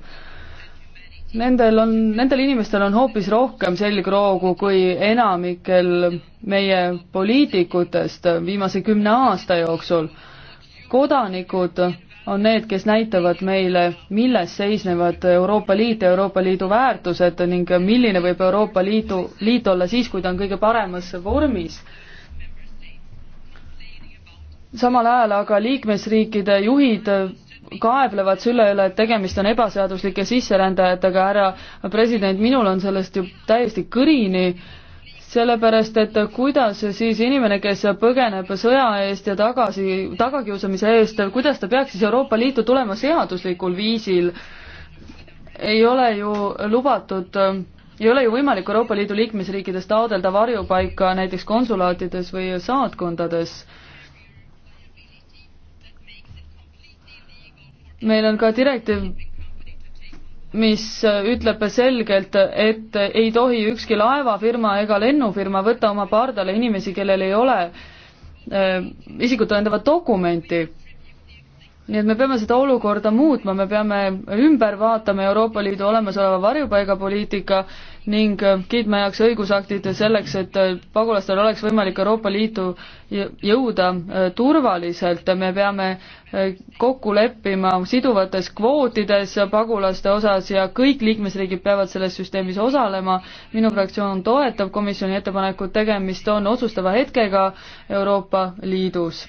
Nendel on, nendel inimestel on hoopis rohkem selgroogu kui enamikel meie poliitikutest viimase kümne aasta jooksul. kodanikud on need, kes näitavad meile, milles seisnevad Euroopa Liit ja Euroopa Liidu väärtused ning milline võib Euroopa Liidu, liit olla siis, kui ta on kõige paremas vormis. samal ajal aga liikmesriikide juhid kaeblevad selle üle, et tegemist on ebaseaduslike sisserändajatega, härra president, minul on sellest ju täiesti kõrini äh, sellepärast, et kuidas siis inimene, kes põgeneb sõja eest ja tagasi, tagakiusamise eest, kuidas ta peaks siis Euroopa Liitu tulema seaduslikul viisil? ei ole ju lubatud, ei ole ju võimalik Euroopa Liidu liikmesriikides taodelda varjupaika näiteks konsulaatides või saatkondades meil on ka direktiiv mis äh, ütleb selgelt, et ei tohi ükski laevafirma ega lennufirma võtta oma pardale inimesi, kellel ei ole äh, isikut tõendavat dokumenti nii et me peame seda olukorda muutma, me peame ümber vaatama Euroopa Liidu olemasoleva varjupaigapoliitika ning kiitma heaks õigusaktid selleks, et pagulastel oleks võimalik Euroopa Liitu jõuda äh, turvaliselt, me peame äh, kokku leppima siduvates kvootides pagulaste osas ja kõik liikmesriigid peavad selles süsteemis osalema. minu fraktsioon toetab komisjoni ettepanekut, tegemist on otsustava hetkega Euroopa Liidus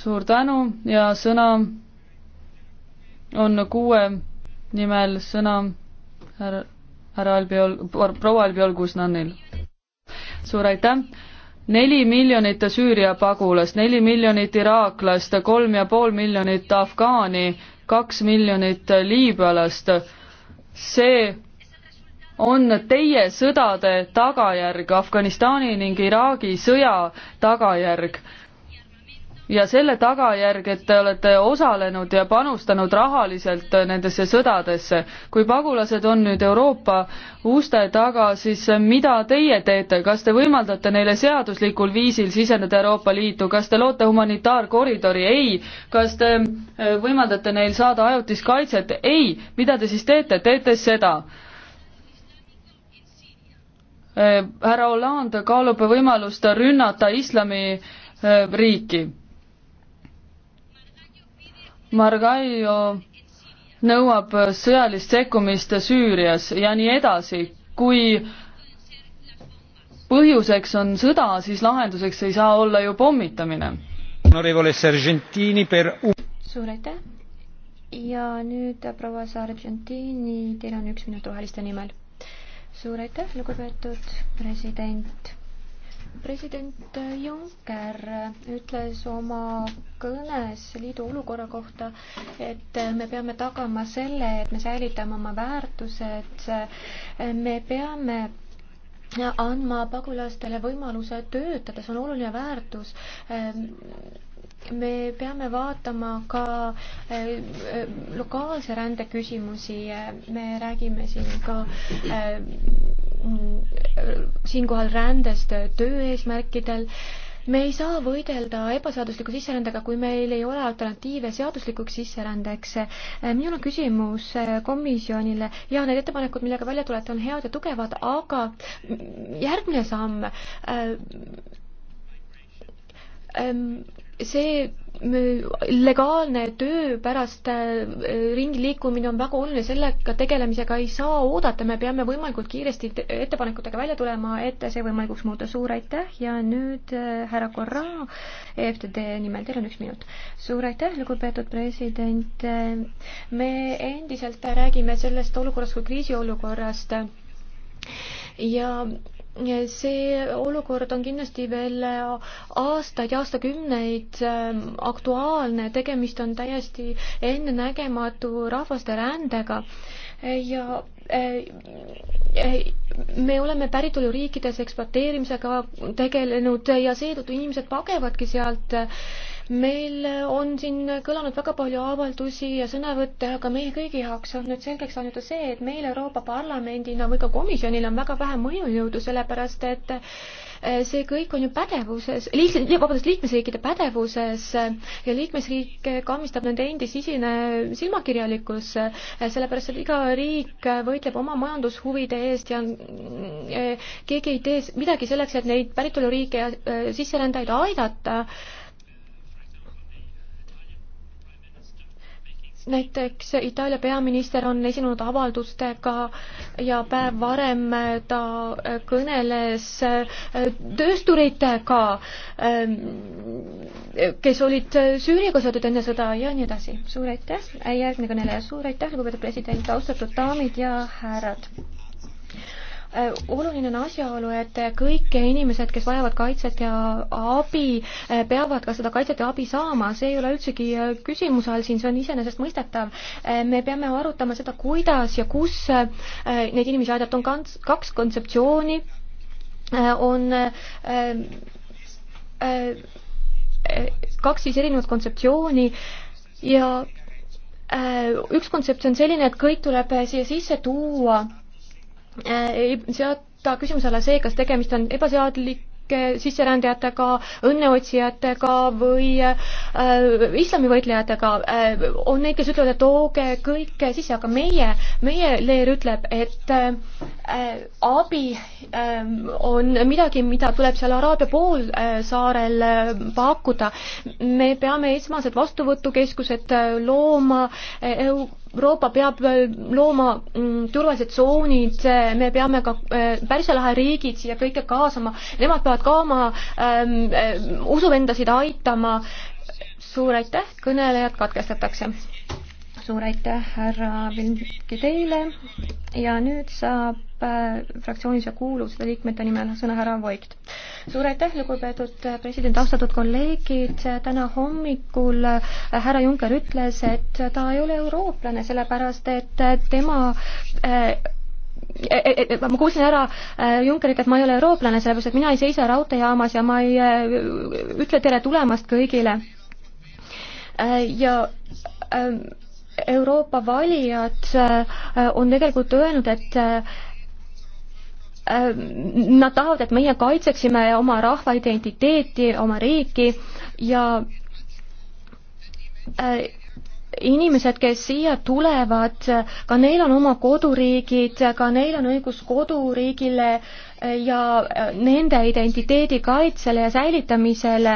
suur tänu ja sõna on kuue nimel sõna härra, härra Albiol, proua Albiol Kuznanil. suur aitäh! neli miljonit Süüria pagulast, neli miljonit iraaklast, kolm ja pool miljonit afgaani, kaks miljonit liibüalast, see on teie sõdade tagajärg, Afganistani ning Iraagi sõja tagajärg ja selle tagajärg, et te olete osalenud ja panustanud rahaliselt nendesse sõdadesse. kui pagulased on nüüd Euroopa uste taga, siis mida teie teete, kas te võimaldate neile seaduslikul viisil siseneda Euroopa Liitu, kas te loote humanitaarkoridori? ei. kas te eh, võimaldate neil saada ajutist kaitset? ei. mida te siis teete? teete seda eh, härra Hollande kaalub võimalust rünnata islami riiki. Margaio nõuab sõjalist sekkumist Süürias ja nii edasi. kui põhjuseks on sõda, siis lahenduseks ei saa olla ju pommitamine. suur aitäh ja nüüd proua Sargentini, teil on üks minut roheliste nimel. suur aitäh, lugupeetud president president Juncker ütles oma kõnes liidu olukorra kohta, et me peame tagama selle, et me säilitame oma väärtused, me peame andma pagulastele võimaluse töötada, see on oluline väärtus me peame vaatama ka eh, lokaalse rände küsimusi, me räägime siin ka eh, siinkohal rändest töö eesmärkidel me ei saa võidelda ebaseadusliku sisserändega, kui meil ei ole alternatiive seaduslikuks sisserändeks. Eh, minul on küsimus komisjonile ja need ettepanekud, millega välja tulete, on head ja tugevad, aga järgmine samm ähm, ähm see legaalne töö pärast äh, ringi liikumine on väga oluline, sellega tegelemisega ei saa oodata, me peame võimalikult kiiresti ettepanekutega välja tulema, et see võimalikuks muuta. suur aitäh ja nüüd äh, härra Korra EFTD nimel, teil on üks minut. suur aitäh, lugupeetud president. me endiselt räägime sellest olukorrast kui kriisiolukorrast ja see olukord on kindlasti veel aastaid ja aastakümneid ähm, aktuaalne, tegemist on täiesti ennenägematu rahvaste rändega ja äh, me oleme päritoluriikides ekspluateerimisega tegelenud ja seetõttu inimesed pagevadki sealt meil on siin kõlanud väga palju avaldusi ja sõnavõtte, aga meie kõigi jaoks on nüüd selgeks saanud ju see, et meil Euroopa Parlamendina või ka komisjonil on väga vähe mõjujõudu, sellepärast et eh, see kõik on ju pädevuses, vabandust, liikmesriikide pädevuses ja liikmesriike kammistab nende endi sisine silmakirjalikkus, eh, sellepärast et iga riik võitleb oma majandushuvide eest ja eh, keegi ei tee midagi selleks, et neid päritoluriike ja sisserändajaid aidata näiteks Itaalia peaminister on esinenud avaldustega ja päev varem ta kõneles töösturitega, ähm, kes olid Süüriaga seotud enne sõda ja nii edasi. suur aitäh, järgmine kõneleja, suur aitäh, lugupeetud president, austatud daamid ja härrad Äh, oluline on asjaolu, et kõik inimesed, kes vajavad kaitset ja abi, äh, peavad ka seda kaitset ja abi saama, see ei ole üldsegi äh, küsimuse all siin, see on iseenesestmõistetav. me peame arutama seda, kuidas ja kus neid inimesi aidata, on kaks kontseptsiooni, on kaks siis erinevat kontseptsiooni ja üks kontseptsioon selline, et kõik tuleb siia sisse tuua Äh, ei seata küsimuse alla see, kas tegemist on ebaseadlik sisserändajatega, õnneotsijatega või äh, islamivõitlejatega äh,, on neid, kes ütlevad, et tooge kõik sisse, aga meie, meie leer ütleb, et äh, abi äh, on midagi, mida tuleb seal Araabia poolsaarel äh, pakkuda. me peame esmased vastuvõtukeskused äh, looma äh, Euroopa peab äh, looma mm, turvalised tsoonid, me peame ka äh, Pärsia lahe riigid siia kõike kaasama, nemad peavad ka oma ähm, äh, usuvendasid aitama. suur aitäh, kõnelejad katkestatakse suur aitäh, härra Vilmki teile ja nüüd saab äh, fraktsioonis ja kuuluvate liikmete nimel sõna härra Voigt. suur aitäh, lugupeetud äh, president, austatud kolleegid, täna hommikul äh, härra Juncker ütles, et ta ei ole eurooplane, sellepärast et tema e, e, e, ma kuulsin ära Junckerilt, et ma ei ole eurooplane, sellepärast et mina ei seisa raudteejaamas ja ma ei ütle tere tulemast kõigile. ja ähm, Euroopa valijad äh, on tegelikult öelnud, et äh, nad tahavad, et meie kaitseksime oma rahva identiteeti, oma riiki ja äh, inimesed, kes siia tulevad, ka neil on oma koduriigid, ka neil on õigus koduriigile äh, ja äh, nende identiteedi kaitsele ja säilitamisele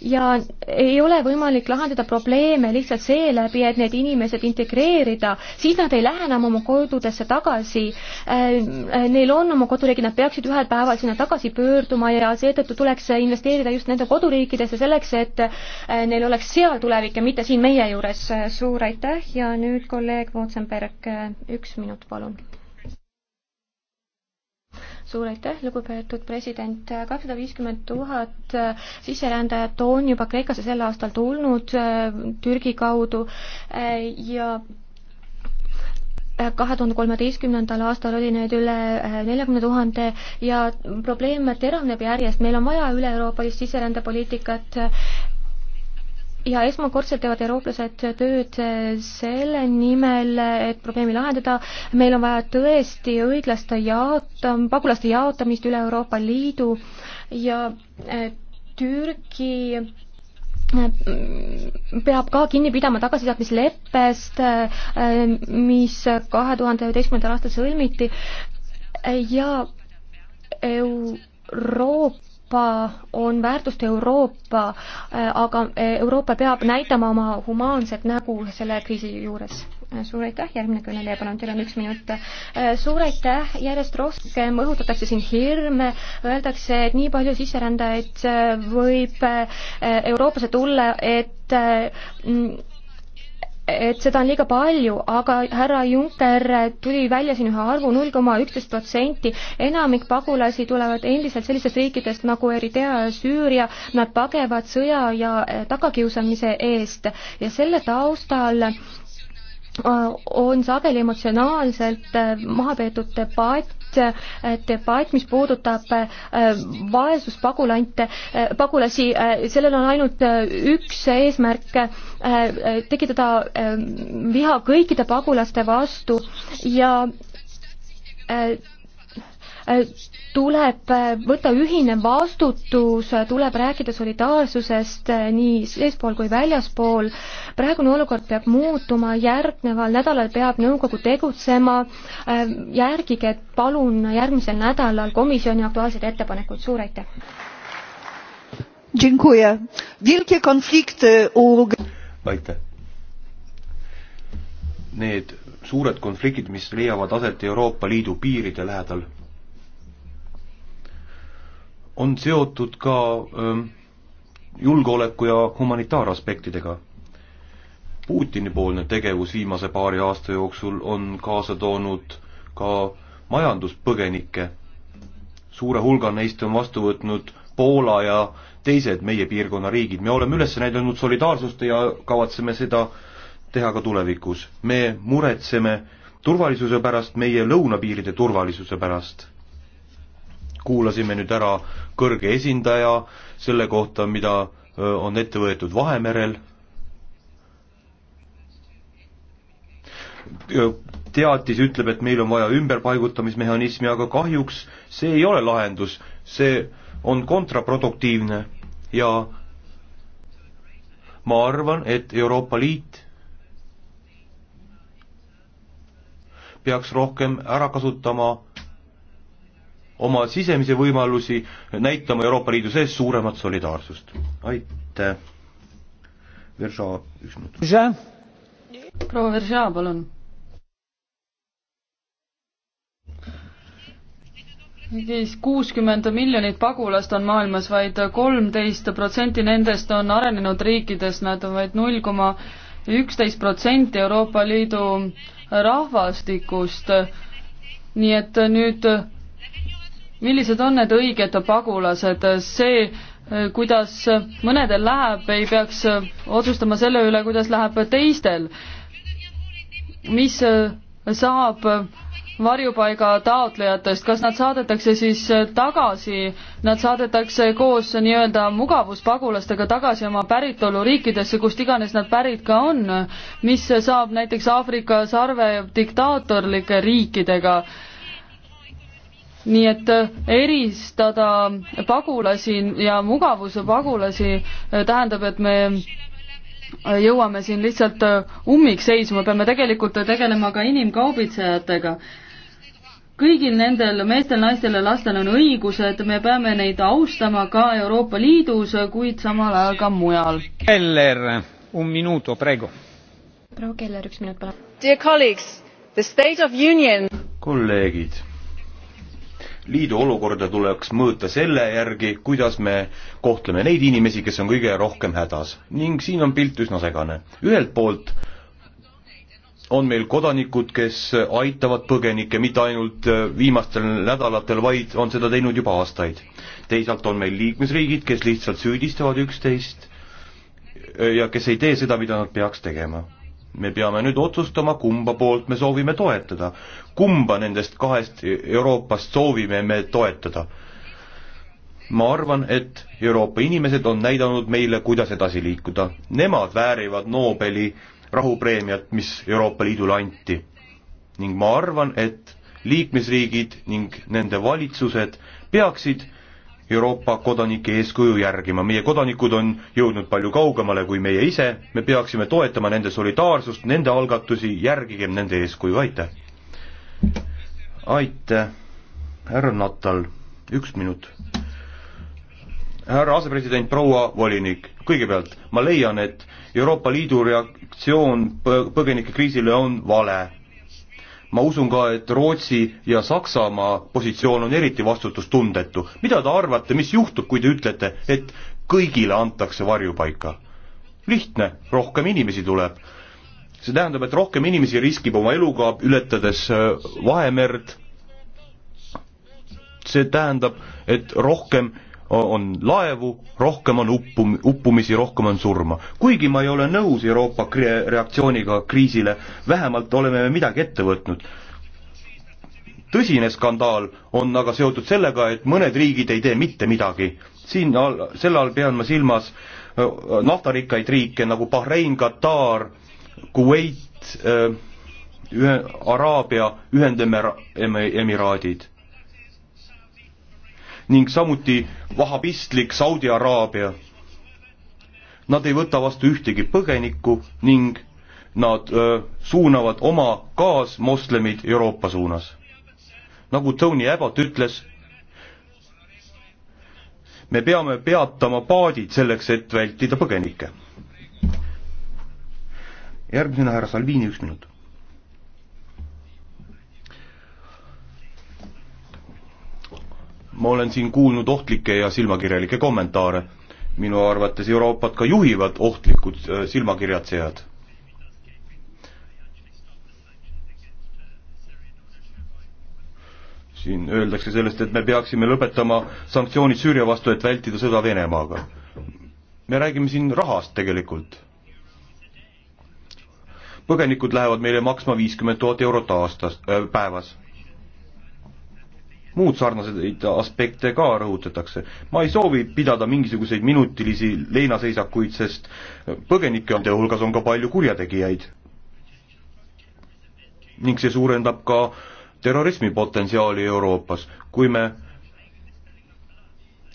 ja ei ole võimalik lahendada probleeme lihtsalt seeläbi, et need inimesed integreerida, siis nad ei lähe enam oma kodudesse tagasi. Äh, äh, neil on oma koduriigid, nad peaksid ühel päeval sinna tagasi pöörduma ja seetõttu tuleks investeerida just nende koduriikidesse selleks, et neil oleks seal tulevik ja mitte siin meie juures. suur aitäh ja nüüd kolleeg Votsenberg, üks minut, palun suur aitäh, lugupeetud president, kakssada viiskümmend tuhat äh, sisserändajat on juba Kreekasse sel aastal tulnud äh, Türgi kaudu äh, ja kahe tuhande kolmeteistkümnendal aastal oli neid üle neljakümne tuhande ja probleem teravneb järjest, meil on vaja üle-euroopalist sisserändepoliitikat ja esmakordselt teevad eurooplased tööd selle nimel, et probleemi lahendada. meil on vaja tõesti õiglaste jaota-, pagulaste jaotamist üle Euroopa Liidu ja äh, Türgi äh, peab ka kinni pidama tagasisaatmisleppest, äh, mis kahe tuhande üheteistkümnendal aastal sõlmiti ja Euroopa Euroopa on väärtuste Euroopa, äh, aga äh, Euroopa peab näitama oma humaanset nägu selle kriisi juures. Äh, suur aitäh, järgmine kõneleja, palun, teil on üks minut. suur aitäh, järjest rohkem õhutatakse siin hirme, öeldakse, et nii palju sisserändajaid võib Euroopasse tulla, et et seda on liiga palju, aga härra Juncker tuli välja siin ühe arvu, null koma üksteist protsenti, enamik pagulasi tulevad endiselt sellistest riikidest nagu Eritrea ja Süüria, nad pagevad sõja ja eh, tagakiusamise eest ja selle taustal eh, on sageli emotsionaalselt eh, maha peetud debatt Äh, debatt, mis puudutab äh, vaesuspagulante, äh, pagulasi, sellel on ainult üks eesmärk, tekitada viha kõikide pagulaste vastu ja tuleb äh, võtta ühine vastutus, äh, tuleb rääkida solidaarsusest äh, nii seespool kui väljaspool. praegune olukord peab muutuma, järgneval nädalal peab nõukogu tegutsema. järgige palun järgmisel nädalal komisjoni aktuaalseid ettepanekuid, suur aitäh! aitäh! Need suured konfliktid, mis leiavad aset Euroopa Liidu piiride lähedal on seotud ka ähm, julgeoleku ja humanitaaraspektidega. Putini-poolne tegevus viimase paari aasta jooksul on kaasa toonud ka majanduspõgenikke. suure hulga neist on vastu võtnud Poola ja teised meie piirkonna riigid, me oleme üles näidanud solidaarsust ja kavatseme seda teha ka tulevikus. me muretseme turvalisuse pärast, meie lõunapiiride turvalisuse pärast kuulasime nüüd ära kõrge esindaja selle kohta, mida on ette võetud Vahemerel. teatis ütleb, et meil on vaja ümberpaigutamismehhanismi, aga kahjuks see ei ole lahendus, see on kontraproduktiivne ja ma arvan, et Euroopa Liit peaks rohkem ära kasutama oma sisemisi võimalusi, näitama Euroopa Liidu sees suuremat solidaarsust. aitäh. Verža, üks minut. proua Verža, palun. siis kuuskümmend miljonit pagulast on maailmas vaid, vaid kolmteist protsenti nendest on arenenud riikides, nad on vaid null koma üksteist protsenti Euroopa Liidu rahvastikust. nii et nüüd millised on need õiged pagulased, see, eh, kuidas mõnedel läheb, ei peaks eh, otsustama selle üle, kuidas läheb teistel. mis eh, saab varjupaiga taotlejatest, kas nad saadetakse siis tagasi, nad saadetakse koos nii-öelda mugavuspagulastega tagasi oma päritoluriikidesse, kust iganes nad pärit ka on, mis saab näiteks Aafrika sarve diktaatorlike riikidega nii et äh, eristada pagulasi ja mugavuse pagulasi äh, tähendab, et me äh, jõuame siin lihtsalt ummikseisu, me peame tegelikult tegelema ka inimkaubitsejatega. kõigil nendel meestel, naistel ja lastel on õigused, me peame neid austama ka Euroopa Liidus, kuid samal ajal ka mujal. Keller, un minuto, prego. proua Keller, üks minut, palun. Dear colleagues, the state of union. kolleegid liidu olukorda tuleks mõõta selle järgi, kuidas me kohtleme neid inimesi, kes on kõige rohkem hädas. ning siin on pilt üsna segane. ühelt poolt on meil kodanikud, kes aitavad põgenikke mitte ainult äh, viimastel nädalatel, vaid on seda teinud juba aastaid. teisalt on meil liikmesriigid, kes lihtsalt süüdistavad üksteist äh, ja kes ei tee seda, mida nad peaks tegema me peame nüüd otsustama, kumba poolt me soovime toetada kumba nendest kahest Euroopast soovime me toetada? ma arvan, et Euroopa inimesed on näidanud meile, kuidas edasi liikuda. Nemad väärivad Nobeli rahupreemiat, mis Euroopa Liidule anti. ning ma arvan, et liikmesriigid ning nende valitsused peaksid Euroopa kodanike eeskuju järgima, meie kodanikud on jõudnud palju kaugemale kui meie ise, me peaksime toetama nende solidaarsust, nende algatusi, järgigem nende eeskuju, aitäh! aitäh, härra Natal, üks minut. härra asepresident, proua volinik, kõigepealt ma leian, et Euroopa Liidu reaktsioon põgenikekriisile on vale. ma usun ka, et Rootsi ja Saksamaa positsioon on eriti vastutustundetu. mida te arvate, mis juhtub, kui te ütlete, et kõigile antakse varjupaika? lihtne, rohkem inimesi tuleb see tähendab, et rohkem inimesi riskib oma eluga, ületades äh, Vahemerd, see tähendab, et rohkem on laevu, rohkem on uppum-, uppumisi, rohkem on surma. kuigi ma ei ole nõus Euroopa kri-, reaktsiooniga kriisile, vähemalt oleme me midagi ette võtnud. tõsine skandaal on aga seotud sellega, et mõned riigid ei tee mitte midagi. siin all, selle all pean ma silmas äh, naftarikkaid riike nagu Bahrein, Katar, Kuveit, äh, ühe, Araabia Ühendemiraadid ning samuti vahabistlik Saudi Araabia. Nad ei võta vastu ühtegi põgenikku ning nad öö, äh, suunavad oma kaasmoslemid Euroopa suunas. nagu Tony Abbott ütles, me peame peatama paadid selleks, et vältida põgenikke järgmisena härra Salvini, üks minut. ma olen siin kuulnud ohtlikke ja silmakirjalikke kommentaare. minu arvates Euroopat ka juhivad ohtlikud äh, silmakirjatsejad. siin öeldakse sellest, et me peaksime lõpetama sanktsioonid Süüria vastu, et vältida sõda Venemaaga. me räägime siin rahast tegelikult põgenikud lähevad meile maksma viiskümmend tuhat eurot aastas äh,, päevas. muud sarnaseid aspekte ka rõhutatakse. ma ei soovi pidada mingisuguseid minutilisi leinaseisakuid, sest põgenike hulgas on ka palju kurjategijaid. ning see suurendab ka terrorismi potentsiaali Euroopas, kui me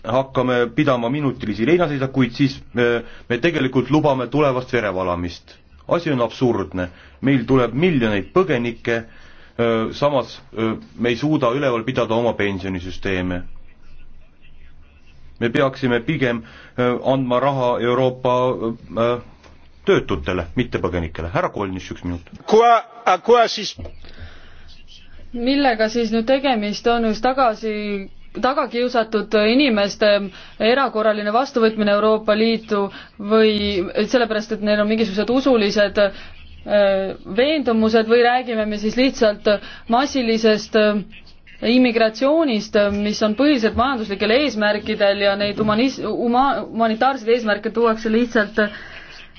hakkame pidama minutilisi leinaseisakuid, siis me, me tegelikult lubame tulevast verevalamist asi on absurdne, meil tuleb miljoneid põgenikke, samas me ei suuda üleval pidada oma pensionisüsteeme. me peaksime pigem andma raha Euroopa töötutele, mitte põgenikele. härra Kolnis, üks minut. millega siis nüüd tegemist on, just tagasi tagakiusatud inimeste erakorraline vastuvõtmine Euroopa Liitu või sellepärast, et neil on mingisugused usulised äh, veendumused või räägime me siis lihtsalt massilisest äh, immigratsioonist, äh, mis on põhiliselt majanduslikel eesmärkidel ja neid humanis-, huma-, humanitaarseid eesmärke tuuakse lihtsalt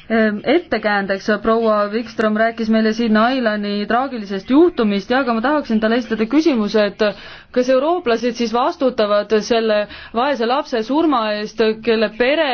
ettekäändeks, proua Wikström rääkis meile siin Nailani traagilisest juhtumist ja ka ma tahaksin talle esitada küsimuse, et kas eurooplased siis vastutavad selle vaese lapse surma eest, kelle pere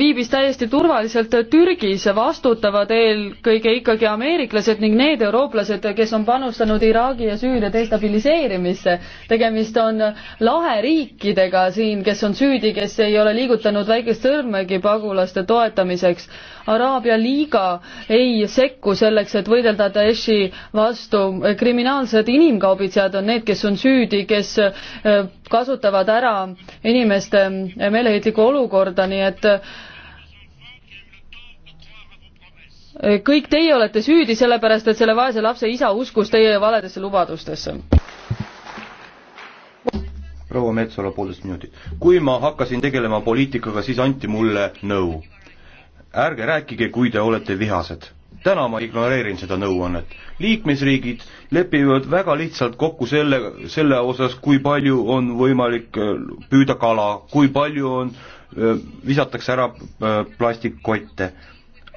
viibis täiesti turvaliselt Türgis, vastutavad eelkõige ikkagi ameeriklased ning need eurooplased, kes on panustanud Iraagi ja Süüria destabiliseerimisse. tegemist on laheriikidega siin, kes on süüdi, kes ei ole liigutanud väikest sõrmegi pagulaste toetamiseks Araabia liiga ei sekku selleks, et võidelda Daeshi vastu. kriminaalsed inimkaubitsejad on need, kes on süüdi, kes eh, kasutavad ära inimeste eh, meeleheitlikku olukorda, nii et eh, kõik teie olete süüdi, sellepärast et selle vaese lapse isa uskus teie valedesse lubadustesse proua Metsola poolteist minutit. kui ma hakkasin tegelema poliitikaga, siis anti mulle nõu no ärge rääkige, kui te olete vihased. täna ma ignoreerin seda nõuannet. liikmesriigid lepivad väga lihtsalt kokku selle, selle osas, kui palju on võimalik äh, püüda kala, kui palju on, äh, visatakse ära äh, plastikkotte.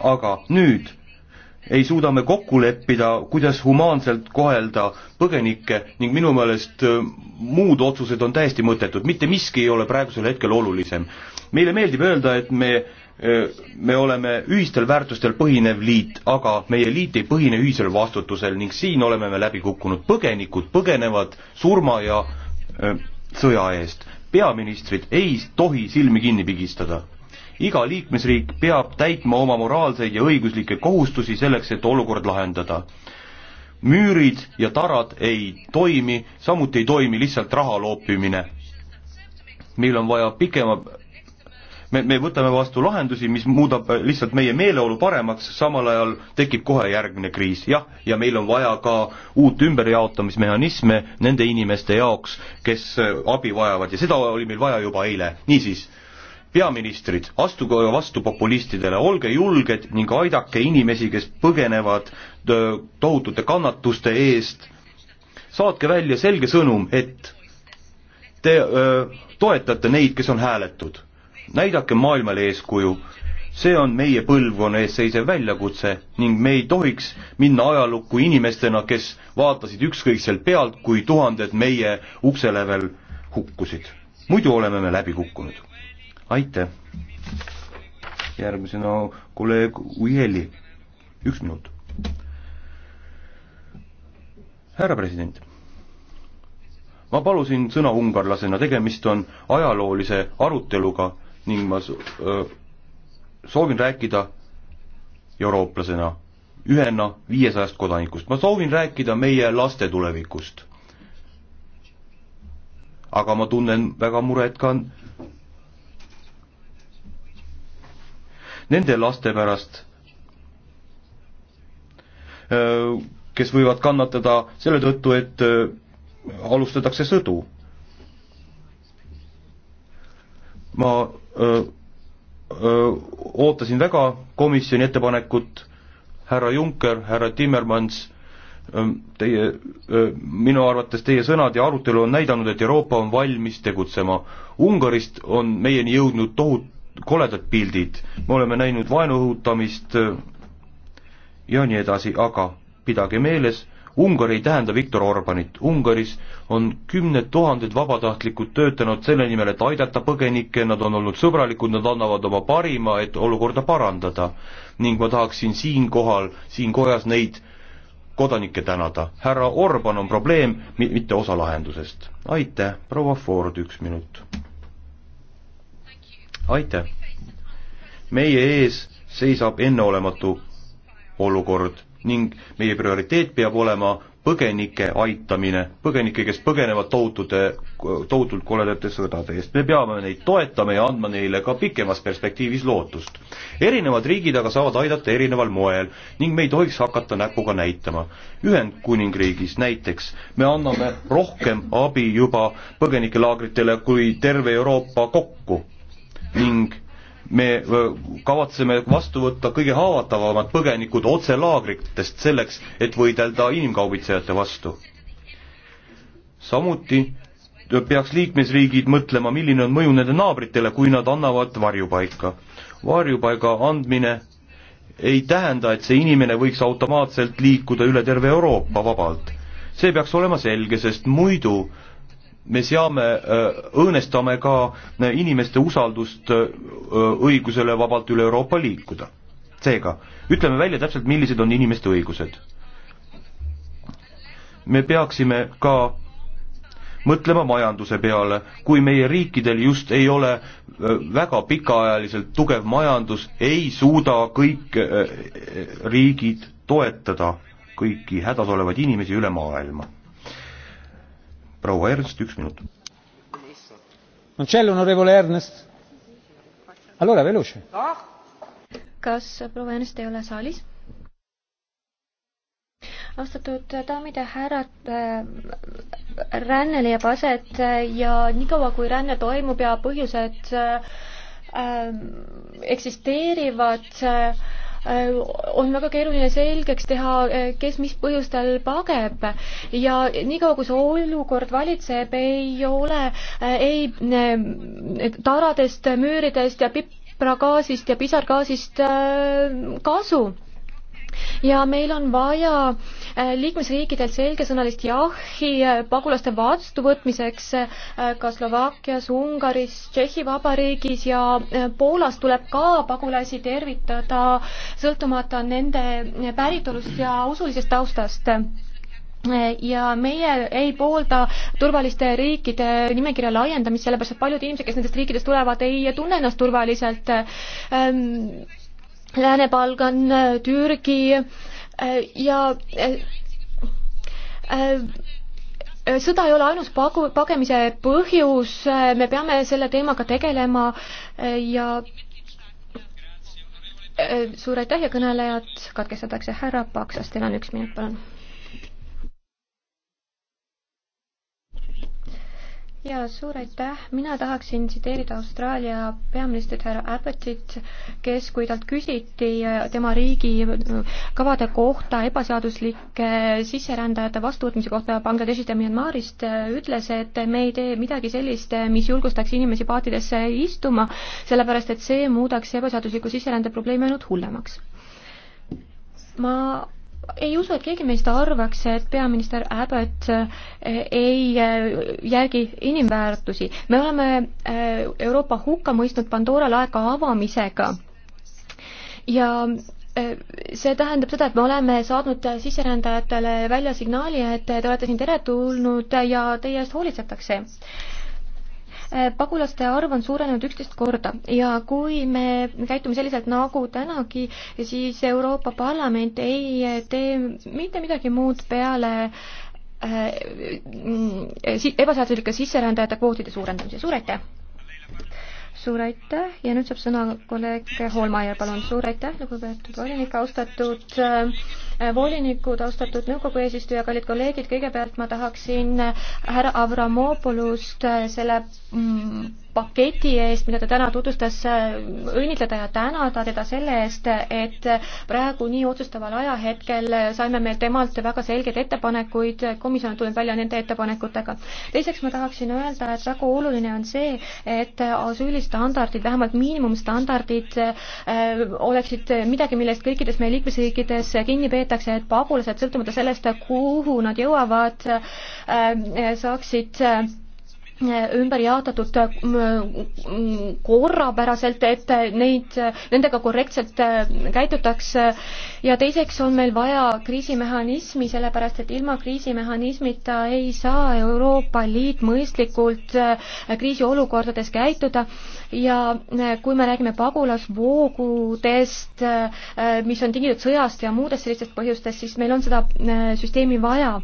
aga nüüd ei suuda me kokku leppida, kuidas humaanselt kohelda põgenikke ning minu meelest muud otsused on täiesti mõttetud, mitte miski ei ole praegusel hetkel olulisem. meile meeldib öelda, et me me oleme ühistel väärtustel põhinev liit, aga meie liit ei põhine ühisel vastutusel ning siin oleme me läbi kukkunud. põgenikud põgenevad surma ja sõja eest. peaministrid ei tohi silmi kinni pigistada. iga liikmesriik peab täitma oma moraalseid ja õiguslikke kohustusi selleks, et olukord lahendada. müürid ja tarad ei toimi, samuti ei toimi lihtsalt raha loopimine. meil on vaja pikema me, me võtame vastu lahendusi, mis muudab lihtsalt meie meeleolu paremaks, samal ajal tekib kohe järgmine kriis, jah, ja meil on vaja ka uut ümberjaotamismehhanisme nende inimeste jaoks, kes äh, abi vajavad ja seda oli meil vaja juba eile, niisiis peaministrid, astuge vastu populistidele, olge julged ning aidake inimesi, kes põgenevad äh, tohutute kannatuste eest. saatke välja selge sõnum, et te öö, äh, toetate neid, kes on hääletud näidake maailmale eeskuju, see on meie põlvkonna ees seisev väljakutse ning me ei tohiks minna ajalukku inimestena, kes vaatasid ükskõikselt pealt, kui tuhanded meie ukselevel hukkusid. muidu oleme me läbi kukkunud. aitäh. järgmisena kolleeg Ujeli, üks minut. härra president ma palusin sõna ungarlasena, tegemist on ajaloolise aruteluga ning ma soovin rääkida eurooplasena, ühena viiesajast kodanikust, ma soovin rääkida meie laste tulevikust. aga ma tunnen väga muret ka nende laste pärast, kes võivad kannatada selle tõttu, et alustatakse sõdu. ma ootasin väga komisjoni ettepanekut, härra Juncker, härra Timmermans, teie, minu arvates teie sõnad ja arutelu on näidanud, et Euroopa on valmis tegutsema. Ungarist on meieni jõudnud tohut-, koledad pildid, me oleme näinud vaenu õhutamist ja nii edasi, aga pidage meeles, Ungari ei tähenda Viktor Orbanit, Ungaris on kümned tuhanded vabatahtlikud töötanud selle nimel, et aidata põgenikke, nad on olnud sõbralikud, nad annavad oma parima, et olukorda parandada. ning ma tahaksin siinkohal, siin kojas neid kodanikke tänada. härra Orban on probleem, mitte osa lahendusest. aitäh, proua Ford, üks minut. aitäh. meie ees seisab enneolematu olukord ning meie prioriteet peab olema põgenike aitamine, põgenikke, kes põgenevad tohutute, tohutult koledate sõdade eest. me peame neid toetama ja andma neile ka pikemas perspektiivis lootust. erinevad riigid aga saavad aidata erineval moel ning me ei tohiks hakata näpuga näitama. Ühendkuningriigis näiteks me anname rohkem abi juba põgenikelaagritele kui terve Euroopa kokku ning me kavatseme vastu võtta kõige haavatavamad põgenikud otse laagritest selleks, et võidelda inimkaubitsejate vastu. samuti peaks liikmesriigid mõtlema, milline on mõju nende naabritele, kui nad annavad varjupaika. varjupaiga andmine ei tähenda, et see inimene võiks automaatselt liikuda üle terve Euroopa vabalt. see peaks olema selge, sest muidu äh, me seame, õõnestame ka inimeste usaldust õigusele vabalt üle Euroopa liikuda. seega, ütleme välja täpselt, millised on inimeste õigused. me peaksime ka mõtlema majanduse peale, kui meie riikidel just ei ole väga pikaajaliselt tugev majandus, ei suuda kõik riigid toetada kõiki hädas olevaid inimesi üle maailma proua Ernst, üks minut. kas proua Ernst ei ole saalis? austatud daamid ja härrad, äh, ränne leiab aset äh, ja niikaua, kui ränne toimub ja põhjused äh, eksisteerivad äh,, Äh, on väga keeruline selgeks teha, äh, kes mis põhjustel pageb ja niikaua, kui see olukord valitseb, ei ole äh, ei taradest, müüridest ja pipragaasist ja pisargaasist kasu ja meil on vaja äh, liikmesriikidelt selgesõnalist jahhi äh, pagulaste vastuvõtmiseks äh, ka Slovakkias, Ungaris, Tšehhi Vabariigis ja Poolas tuleb ka pagulasi tervitada, sõltumata nende päritolust ja usulisest taustast ja meie ei poolda turvaliste riikide nimekirja laiendamist, sellepärast et paljud inimesed, kes nendest riikidest tulevad, ei tunne ennast turvaliselt. Ähm, Lääne-Balkan, Türgi äh, ja äh, äh, sõda ei ole ainus pagu, pagemise põhjus, me peame selle teemaga tegelema ja suur aitäh ja kõnelejad katkestatakse härra Paksas, teil on üks minut, palun ja suur aitäh, mina tahaksin tsiteerida Austraalia peaministrit härra Abbottit, kes, kui talt küsiti äh, tema riigi äh, kavade kohta ebaseaduslike sisserändajate vastuvõtmise kohta Bangladeshist ja Myanmarist, äh, ütles, et me ei tee midagi sellist, mis julgustaks inimesi paatidesse istuma, sellepärast et see muudaks ebaseadusliku sisserände probleemi ainult hullemaks. ma ei usu, et keegi meist arvaks, et peaminister Abbott äh, ei äh, järgi inimväärtusi. me oleme äh, Euroopa hukka mõistnud Pandora laeka avamisega ja see tähendab seda, et me oleme saatnud sisserändajatele välja signaali, et te olete siin teretulnud ja teie eest hoolitsetakse pagulaste arv on suurenenud üksteist korda ja kui me käitume selliselt nagu tänagi, siis Euroopa Parlament ei tee mitte midagi muud peale äh, ebaseaduslike sisserändajate kvootide suurendamise, suur aitäh! suur aitäh ja nüüd saab sõna kolleeg Hoolmaier, palun, suur aitäh, lugupeetud volinik, austatud äh, volinikud, austatud nõukogu eesistuja, kallid kolleegid, kõigepealt ma tahaksin härra Avramopolust selle mm, paketi eest, mida ta täna tutvustas, õnnitleda ja tänada teda selle eest, et praegu nii otsustaval ajahetkel saime me temalt väga selgeid ettepanekuid, komisjon on tulnud välja nende ettepanekutega. teiseks ma tahaksin öelda, et väga oluline on see, et asüülistandardid, vähemalt miinimumstandardid äh, oleksid midagi, millest kõikides meie liikmesriikides kinni peetakse, garanteeritakse, et pagulased, sõltumata sellest, kuhu nad jõuavad, äh, saaksid äh, ümber jaotatud äh, korrapäraselt, et neid, nendega korrektselt äh, käidutakse ja teiseks on meil vaja kriisimehhanismi, sellepärast et ilma kriisimehhanismita ei saa Euroopa Liit mõistlikult äh, kriisiolukordades käituda ja kui me räägime pagulasvoogudest, mis on tingitud sõjast ja muudest sellistest põhjustest, siis meil on seda süsteemi vaja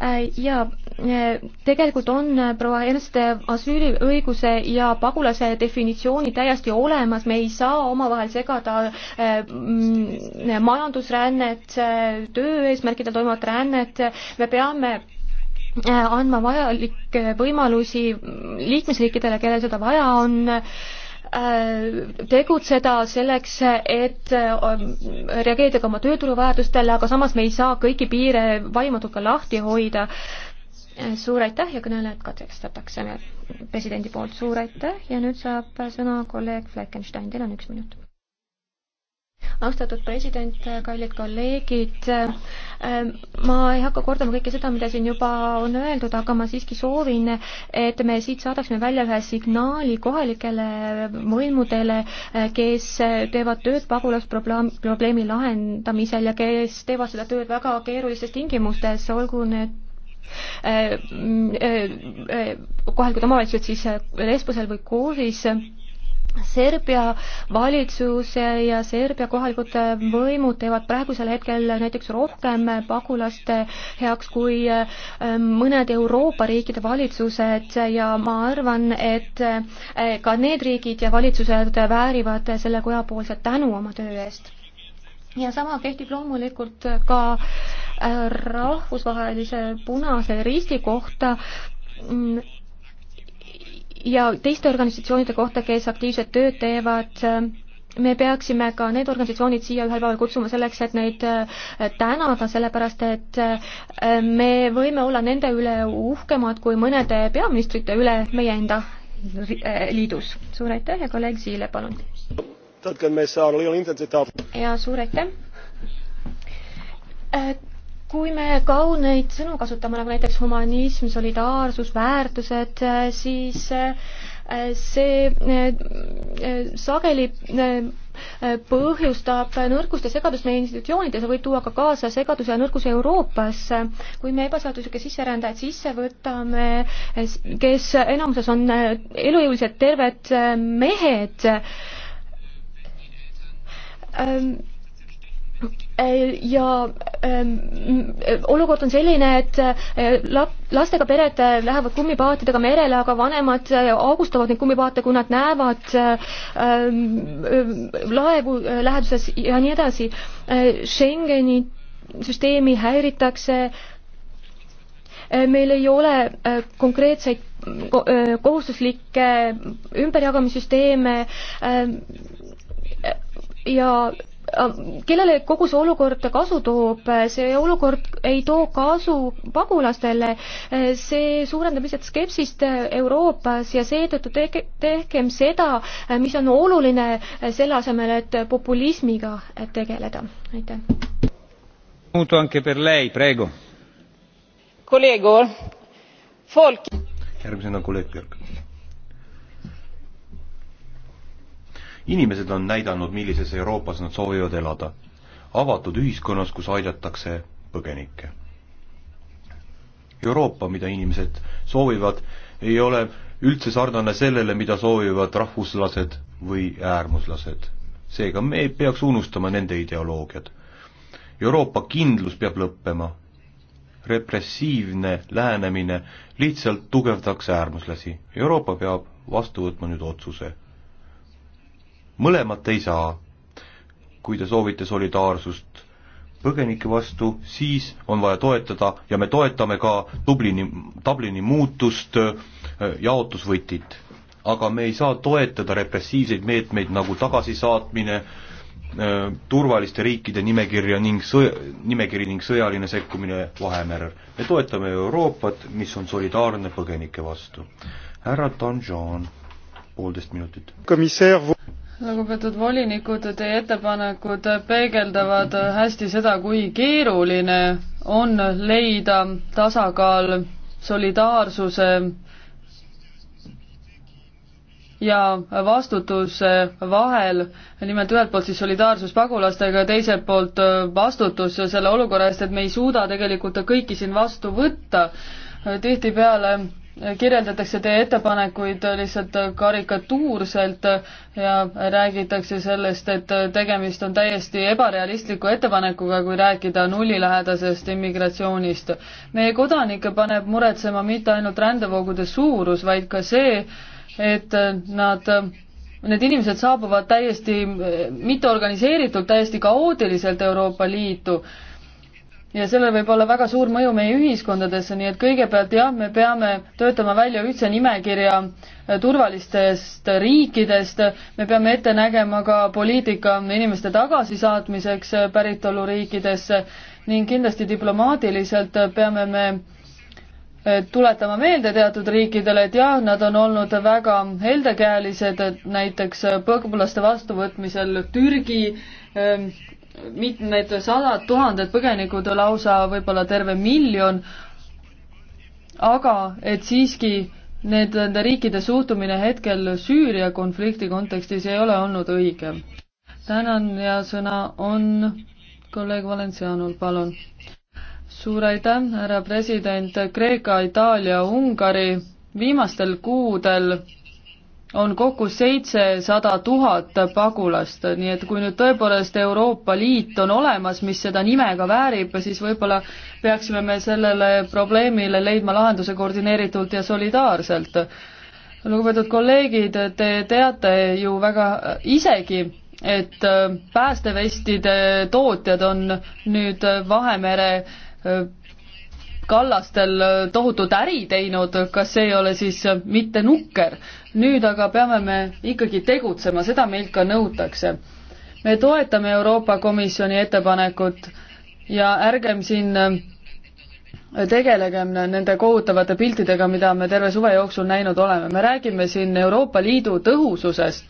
Äh, ja äh, tegelikult on äh, proua Ernst asüüliõiguse ja pagulase definitsiooni täiesti olemas, me ei saa omavahel segada mm, majandusrännet, töö eesmärkidel toimuvat rännet, me peame andma vajalikke võimalusi liikmesriikidele, kellel seda vaja on Äh, tegutseda selleks, et äh, reageerida ka oma tööturu vajadustele, aga samas me ei saa kõiki piire vaimatult ka lahti hoida. suur aitäh ja kõnelejad katkestatakse presidendi poolt, suur aitäh ja nüüd saab sõna kolleeg Fleckenstein, teil on üks minut austatud president, kallid kolleegid, ähm, ma ei hakka kordama kõike seda, mida siin juba on öeldud, aga ma siiski soovin, et me siit saadaksime välja ühe signaali kohalikele võimudele, äh, kes teevad tööd pagulasprobleemi lahendamisel ja kes teevad seda tööd väga keerulistes tingimustes, olgu need äh, mm, äh, kohalikud omavalitsused siis Lesbosel või Kooris Serbia valitsus ja Serbia kohalikud võimud teevad praegusel hetkel näiteks rohkem pagulaste heaks kui ähm, mõned Euroopa riikide valitsused ja ma arvan, et äh, ka need riigid ja valitsused väärivad selle koja poolset tänu oma töö eest. ja sama kehtib loomulikult ka äh, rahvusvahelise Punase Risti kohta mm, ja teiste organisatsioonide kohta, kes aktiivset tööd teevad, me peaksime ka need organisatsioonid siia ühel päeval kutsuma selleks, et neid äh, tänada, sellepärast et äh, me võime olla nende üle uhkemad kui mõnede peaministrite üle meie enda äh, liidus. suur aitäh ja kolleeg Siile, palun! ja suur aitäh! kui me kauneid sõnu kasutame, nagu näiteks humanism, solidaarsus, väärtused, siis äh, see äh, äh, sageli põhjustab nõrkust ja segadust meie institutsioonides ja võib tuua ka kaasa segaduse ja nõrkuse Euroopas. kui me ebaseaduslikke sisserändajaid sisse võtame, kes enamuses on elujõulised terved mehed, ähm, Äh, ja ähm, äh, olukord on selline, et äh, lap-, lastega pered lähevad kummipaatidega merele, aga vanemad augustavad neid kummipaate, kui nad näevad ähm, laevu läheduses ja nii edasi. Schengeni süsteemi häiritakse, meil ei ole konkreetseid kohustuslikke ümberjagamissüsteeme ähm, ja Äh, kellele kogu see olukord kasu toob, see olukord ei too kasu pagulastele, äh, see suurendab lihtsalt skepsist Euroopas ja seetõttu tege-, tehkem seda, äh, mis on oluline, selle asemel, et populismiga tegeleda, aitäh. järgmisena kolleeg Björk inimesed on näidanud, millises Euroopas nad soovivad elada. avatud ühiskonnas, kus aidatakse põgenikke. Euroopa, mida inimesed soovivad, ei ole üldse sarnane sellele, mida soovivad rahvuslased või äärmuslased. seega me ei peaks unustama nende ideoloogiad. Euroopa kindlus peab lõppema. repressiivne lähenemine lihtsalt tugevdaks äärmuslasi. Euroopa peab vastu võtma nüüd otsuse mõlemat ei saa. kui te soovite solidaarsust põgenike vastu, siis on vaja toetada ja me toetame ka Dublini, Dublini muutust, äh, jaotusvõtit. aga me ei saa toetada repressiivseid meetmeid nagu tagasisaatmine, äh, turvaliste riikide nimekirja ning sõja, nimekiri ning sõjaline sekkumine Vahemerel. me toetame Euroopat, mis on solidaarne põgenike vastu. härra Danjon, poolteist minutit lugupeetud volinikud, teie ettepanekud peegeldavad hästi seda, kui keeruline on leida tasakaal solidaarsuse ja vastutuse vahel, nimelt ühelt poolt siis solidaarsus pagulastega ja teiselt poolt vastutus selle olukorra eest, et me ei suuda tegelikult kõiki siin vastu võtta. tihtipeale kirjeldatakse teie ettepanekuid lihtsalt karikatuurselt ja räägitakse sellest, et tegemist on täiesti ebarealistliku ettepanekuga, kui rääkida nullilähedasest immigratsioonist. meie kodanikke paneb muretsema mitte ainult rändevoogude suurus, vaid ka see, et nad Need inimesed saabuvad täiesti mitteorganiseeritult, täiesti kaootiliselt Euroopa Liitu ja sellel võib olla väga suur mõju meie ühiskondadesse, nii et kõigepealt jah, me peame töötama välja ühtse nimekirja äh, turvalistest riikidest, me peame ette nägema ka poliitika inimeste tagasisaatmiseks äh, päritoluriikidesse ning kindlasti diplomaatiliselt äh, peame me tuletama meelde teatud riikidele, et jah, nad on olnud väga heldekäelised, et näiteks põgulaste vastuvõtmisel Türgi ähm, mitmed sadad tuhanded põgenikud, lausa võib-olla terve miljon, aga et siiski need, nende riikide suhtumine hetkel Süüria konflikti kontekstis ei ole olnud õige. tänan ja sõna on kolleeg Valencianul, palun. suur aitäh, härra president, Kreeka, Itaalia, Ungari viimastel kuudel on kokku seitsesada tuhat pagulast, nii et kui nüüd tõepoolest Euroopa Liit on olemas, mis seda nime ka väärib, siis võib-olla peaksime me sellele probleemile leidma lahenduse koordineeritult ja solidaarselt. lugupeetud kolleegid, te teate ju väga isegi, et päästevestide tootjad on nüüd Vahemere kallastel tohutut äri teinud, kas see ei ole siis mitte nukker? nüüd aga peame me ikkagi tegutsema, seda meilt ka nõutakse. me toetame Euroopa Komisjoni ettepanekut ja ärgem siin äh, tegelegem nende kohutavate piltidega, mida me terve suve jooksul näinud oleme. me räägime siin Euroopa Liidu tõhususest.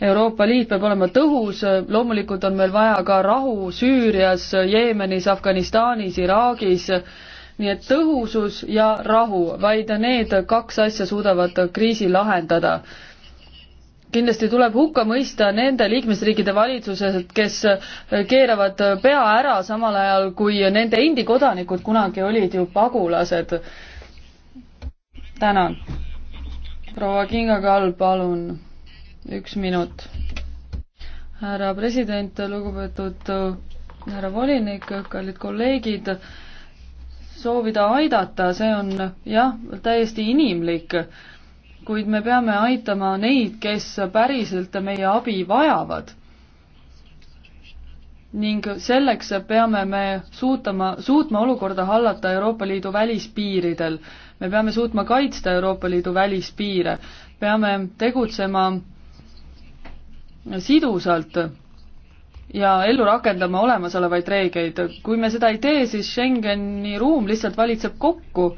Euroopa Liit peab olema tõhus, loomulikult on meil vaja ka rahu Süürias, Jeemenis, Afganistanis, Iraagis äh,, nii et tõhusus ja rahu, vaid need kaks asja suudavad kriisi lahendada. kindlasti tuleb hukka mõista nende liikmesriikide valitsused, kes keeravad pea ära samal ajal, kui nende endi kodanikud kunagi olid ju pagulased. tänan. proua Kinga Kall, palun, üks minut. härra president, lugupeetud härra volinik, kallid kolleegid soovida aidata, see on jah, täiesti inimlik, kuid me peame aitama neid, kes päriselt meie abi vajavad. ning selleks peame me suutama, suutma olukorda hallata Euroopa Liidu välispiiridel. me peame suutma kaitsta Euroopa Liidu välispiire, peame tegutsema sidusalt ja ellu rakendama olemasolevaid reegleid. kui me seda ei tee, siis Schengeni ruum lihtsalt valitseb kokku.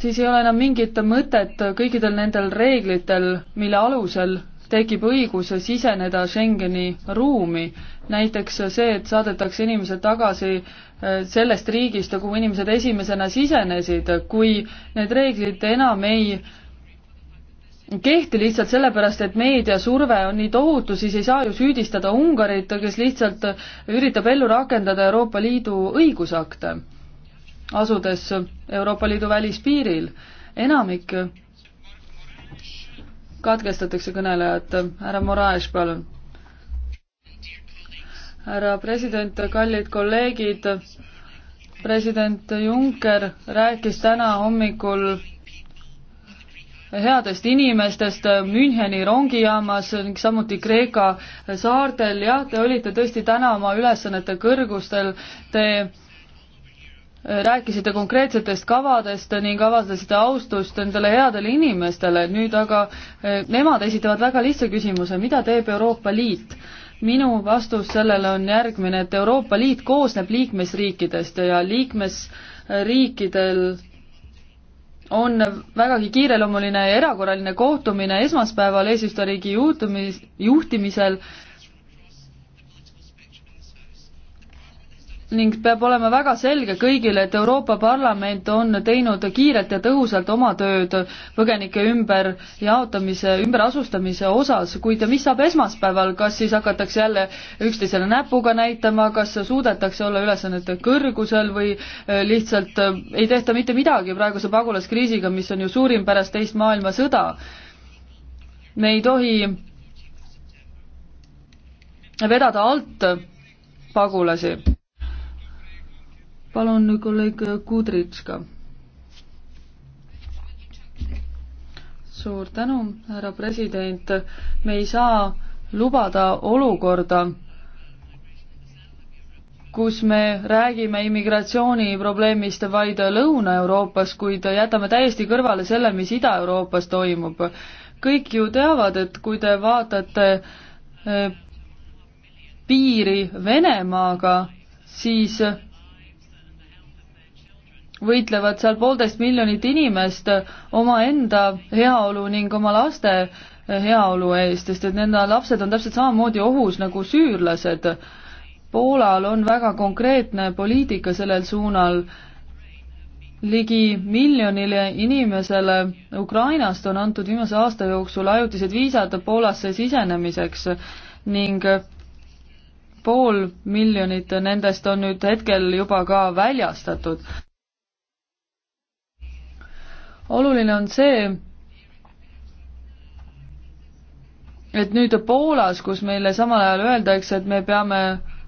siis ei ole enam mingit mõtet kõikidel nendel reeglitel, mille alusel tekib õigus siseneda Schengeni ruumi. näiteks see, et saadetakse inimesed tagasi eh, sellest riigist, kuhu inimesed esimesena sisenesid, kui need reeglid enam ei kehti lihtsalt sellepärast, et meediasurve on nii tohutu, siis ei saa ju süüdistada Ungarit, kes lihtsalt üritab ellu rakendada Euroopa Liidu õigusakte, asudes Euroopa Liidu välispiiril. enamik katkestatakse kõnelejat, härra Moraes, palun. härra president, kallid kolleegid, president Juncker rääkis täna hommikul headest inimestest äh, Müncheni rongijaamas ning samuti Kreeka saartel, jah, te olite tõesti täna oma ülesannete kõrgustel, te äh, rääkisite konkreetsetest kavadest ning avaldasite austust nendele headele inimestele, nüüd aga äh, nemad esitavad väga lihtsa küsimuse, mida teeb Euroopa Liit? minu vastus sellele on järgmine, et Euroopa Liit koosneb liikmesriikidest ja liikmesriikidel on vägagi kiireloomuline ja erakorraline kohtumine esmaspäeval eesistujariigi juhtimis, juhtimisel ning peab olema väga selge kõigile, et Euroopa Parlament on teinud kiirelt ja tõhusalt oma tööd põgenike ümberjaotamise, ümberasustamise osas, kuid mis saab esmaspäeval, kas siis hakatakse jälle üksteisele näpuga näitama, kas suudetakse olla ülesannete kõrgusel või äh, lihtsalt äh, ei tehta mitte midagi praeguse pagulaskriisiga, mis on ju suurim pärast teist maailmasõda? me ei tohi vedada alt pagulasi palun kolleeg Kudritška. suur tänu, härra president, me ei saa lubada olukorda, kus me räägime immigratsiooniprobleemist vaid Lõuna-Euroopas, kuid jätame täiesti kõrvale selle, mis Ida-Euroopas toimub. kõik ju teavad, et kui te vaatate eh, piiri Venemaaga, siis võitlevad seal poolteist miljonit inimest omaenda heaolu ning oma laste heaolu eest, sest et nende lapsed on täpselt samamoodi ohus nagu süürlased. Poolal on väga konkreetne poliitika sellel suunal. ligi miljonile inimesele Ukrainast on antud viimase aasta jooksul ajutised viisad Poolasse sisenemiseks ning pool miljonit nendest on nüüd hetkel juba ka väljastatud oluline on see, et nüüd Poolas, kus meile samal ajal öeldakse, et me peame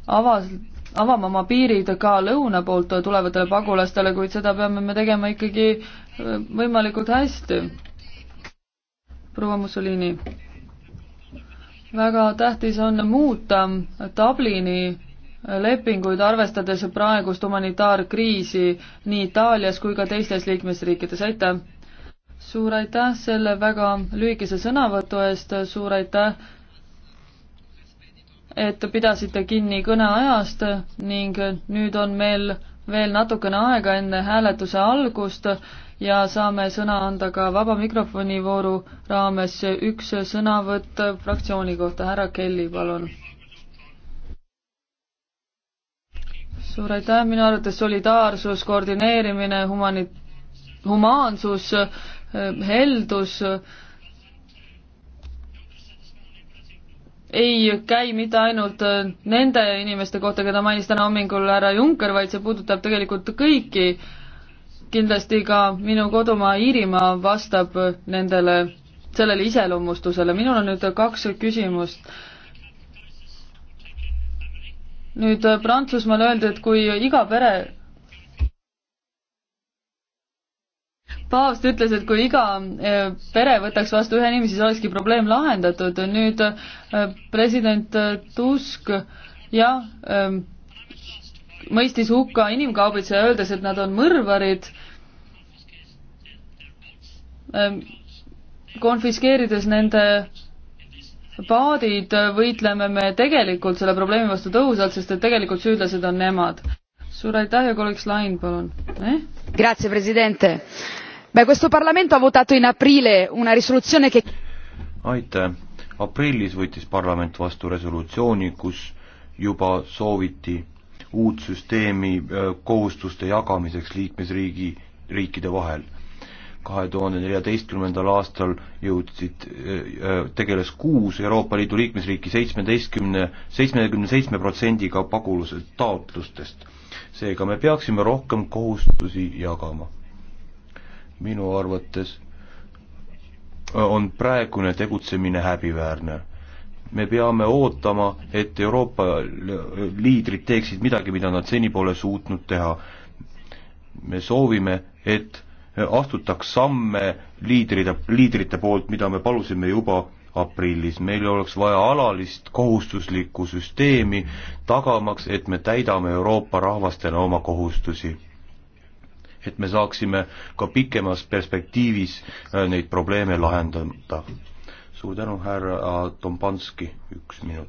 avas-, avama oma piirid ka lõuna poolt tulevatele pagulastele, kuid seda peame me tegema ikkagi võimalikult hästi. proua Mussolini, väga tähtis on muuta Dublini lepinguid, arvestades praegust humanitaarkriisi nii Itaalias kui ka teistes liikmesriikides, aitäh! suur aitäh selle väga lühikese sõnavõtu eest, suur aitäh, et pidasite kinni kõneajast ning nüüd on meil veel natukene aega enne hääletuse algust ja saame sõna anda ka vaba mikrofoni vooru raames üks sõnavõtt fraktsiooni kohta, härra Kelly, palun suur aitäh, minu arvates solidaarsus, koordineerimine, humani-, humaansus, heldus ei käi mitte ainult nende inimeste kohta, keda mainis täna hommikul härra Juncker, vaid see puudutab tegelikult kõiki. kindlasti ka minu kodumaa Iirimaa vastab nendele, sellele iseloomustusele. minul on nüüd kaks küsimust nüüd äh, Prantsusmaal öeldi, et kui iga pere paavst ütles, et kui iga äh, pere võtaks vastu ühe inimese, siis olekski probleem lahendatud. nüüd äh, president Tusk, jah, ähm, mõistis hukka inimkaubitseja, öeldes, et nad on mõrvarid, ähm, konfiskeerides nende paadid, võitleme me tegelikult selle probleemi vastu tõhusalt, sest et tegelikult süüdlased on nemad. suur aitäh ja kolleeg Slain, palun eh?. Grazie, president. Beh, questo parlamento ha votato in aprile una risoluzione che aitäh. aprillis võttis parlament vastu resolutsiooni, kus juba sooviti uut süsteemi eh, kohustuste jagamiseks liikmesriigi, riikide vahel kahe tuhande neljateistkümnendal aastal jõudsid, äh, äh, tegeles kuus Euroopa Liidu liikmesriiki seitsmeteistkümne, seitsmekümne seitsme protsendiga pagulase taotlustest. seega me peaksime rohkem kohustusi jagama. minu arvates on praegune tegutsemine häbiväärne me peame ootama, et Euroopa liidrid teeksid midagi, mida nad seni pole suutnud teha. me soovime, et astutaks samme liidride, liidrite poolt, mida me palusime juba aprillis, meil oleks vaja alalist kohustuslikku süsteemi, tagamaks, et me täidame Euroopa rahvastena oma kohustusi. et me saaksime ka pikemas perspektiivis äh, neid probleeme lahendada. suur tänu, härra Tombanski, üks minut.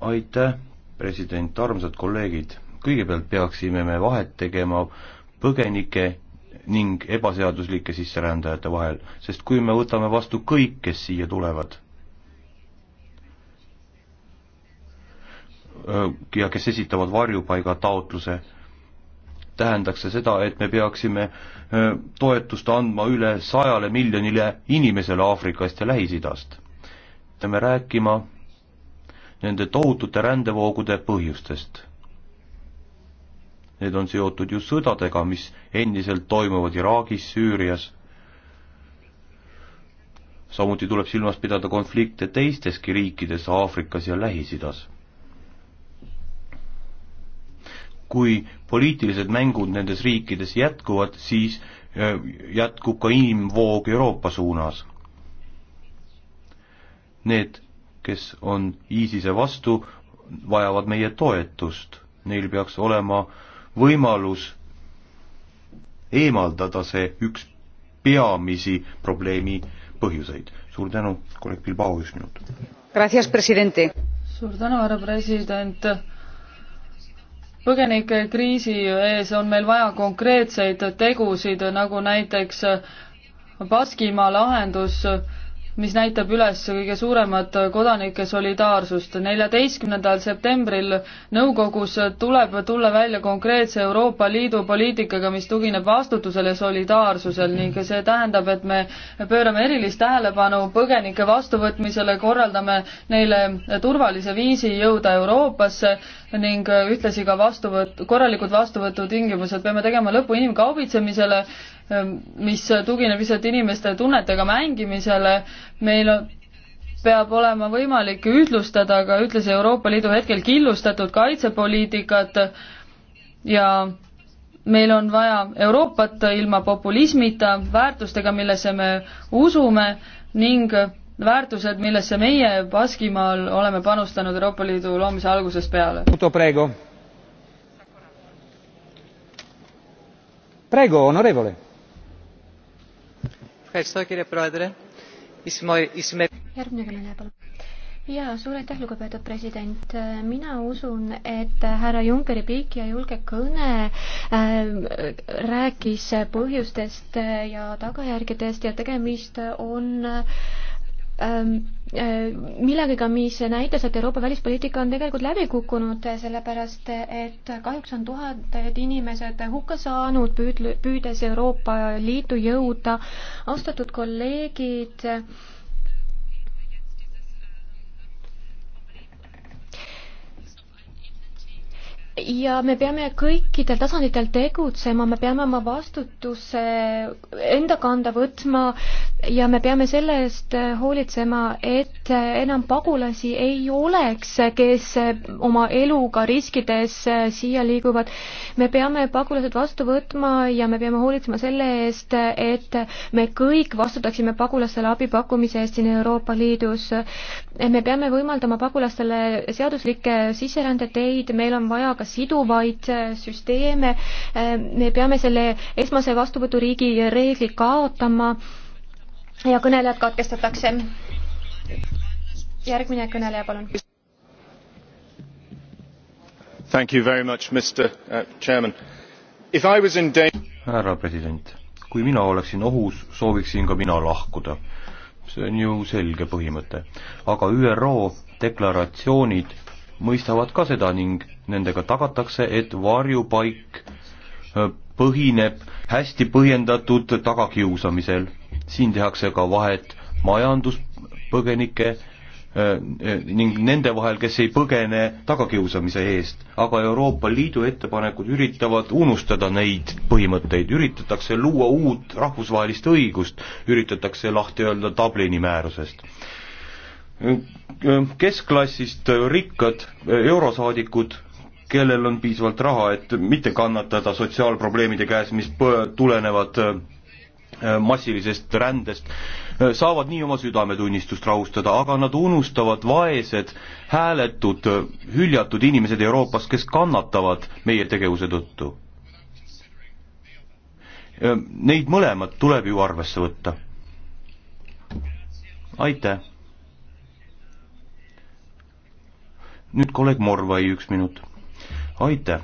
aitäh, president, armsad kolleegid kõigepealt peaksime me vahet tegema põgenike ning ebaseaduslike sisserändajate vahel, sest kui me võtame vastu kõik, kes siia tulevad, äh, ja kes esitavad varjupaigataotluse, tähendaks see seda, et me peaksime äh, toetust andma üle sajale miljonile inimesele Aafrikast ja Lähis-Idast. peame rääkima nende tohutute rändevoogude põhjustest need on seotud ju sõdadega, mis endiselt toimuvad Iraagis, Süürias. samuti tuleb silmas pidada konflikte teisteski riikides Aafrikas ja Lähis-Idas. kui poliitilised mängud nendes riikides jätkuvad, siis äh, jätkub ka inimvoog Euroopa suunas. Need, kes on ISISe vastu, vajavad meie toetust, neil peaks olema äh, võimalus eemaldada see üks peamisi probleemi põhjuseid. suur tänu, kolleeg Bilbao, üks minut. suur tänu, härra president põgenikekriisi ees on meil vaja konkreetseid tegusid, nagu näiteks Baskimaa lahendus mis näitab üles kõige suuremat kodanike solidaarsust. neljateistkümnendal septembril nõukogus tuleb tulla välja konkreetse Euroopa Liidu poliitikaga, mis tugineb vastutusele ja solidaarsusel ning see tähendab, et me pöörame erilist tähelepanu põgenike vastuvõtmisele, korraldame neile turvalise viisi jõuda Euroopasse ning äh, ühtlasi ka vastuvõtt, korralikud vastuvõtutingimused, peame tegema lõpu inimkaubitsemisele, ähm, mis tugineb lihtsalt inimeste tunnetega mängimisele, meil on, peab olema võimalik ühtlustada ka ühtlasi Euroopa Liidu hetkel killustatud kaitsepoliitikat ja meil on vaja Euroopat ilma populismita, väärtustega, millesse me usume ning väärtused, millesse meie Baskimaal oleme panustanud Euroopa Liidu loomise algusest peale. järgmine kõneleja, palun jaa, suur aitäh, lugupeetud president. mina usun, et härra Junckeri pikk ja julge kõne äh, rääkis põhjustest ja tagajärgedest ja tegemist on äh, Ähm, äh, millegagi, mis näitas, et Euroopa välispoliitika on tegelikult läbi kukkunud, sellepärast et kahjuks on tuhanded inimesed hukka saanud, püüdle-, püüdes Euroopa Liitu jõuda. austatud kolleegid, ja me peame kõikidel tasanditel tegutsema, me peame oma vastutuse enda kanda võtma ja me peame selle eest hoolitsema, et enam pagulasi ei oleks, kes oma eluga riskides siia liiguvad. me peame pagulased vastu võtma ja me peame hoolitsema selle eest, et me kõik vastutaksime pagulastele abi pakkumise eest siin Euroopa Liidus. me peame võimaldama pagulastele seaduslikke sisserändeteid, meil on vaja ka siduvaid äh, süsteeme, äh, me peame selle esmase vastuvõturiigi reegli kaotama ja kõnelejad katkestatakse. järgmine kõneleja, palun. Thank you very much, Mr uh, Chairman. If I was in danger härra president, kui mina oleksin ohus, sooviksin ka mina lahkuda. see on ju selge põhimõte. aga ÜRO deklaratsioonid mõistavad ka seda ning nendega tagatakse, et varjupaik äh, põhineb hästi põhjendatud tagakiusamisel. siin tehakse ka vahet majanduspõgenike äh, äh, ning nende vahel, kes ei põgene tagakiusamise eest. aga Euroopa Liidu ettepanekud üritavad unustada neid põhimõtteid, üritatakse luua uut rahvusvahelist õigust, üritatakse lahti öelda Dublini määrusest keskklassist rikkad eurosaadikud, kellel on piisavalt raha, et mitte kannatada sotsiaalprobleemide käes, mis tulenevad äh, massilisest rändest, äh, saavad nii oma südametunnistust rahustada, aga nad unustavad vaesed, hääletud, hüljatud inimesed Euroopas, kes kannatavad meie tegevuse tõttu. Äh, neid mõlemat tuleb ju arvesse võtta. aitäh! nüüd kolleeg Morvai, üks minut. aitäh.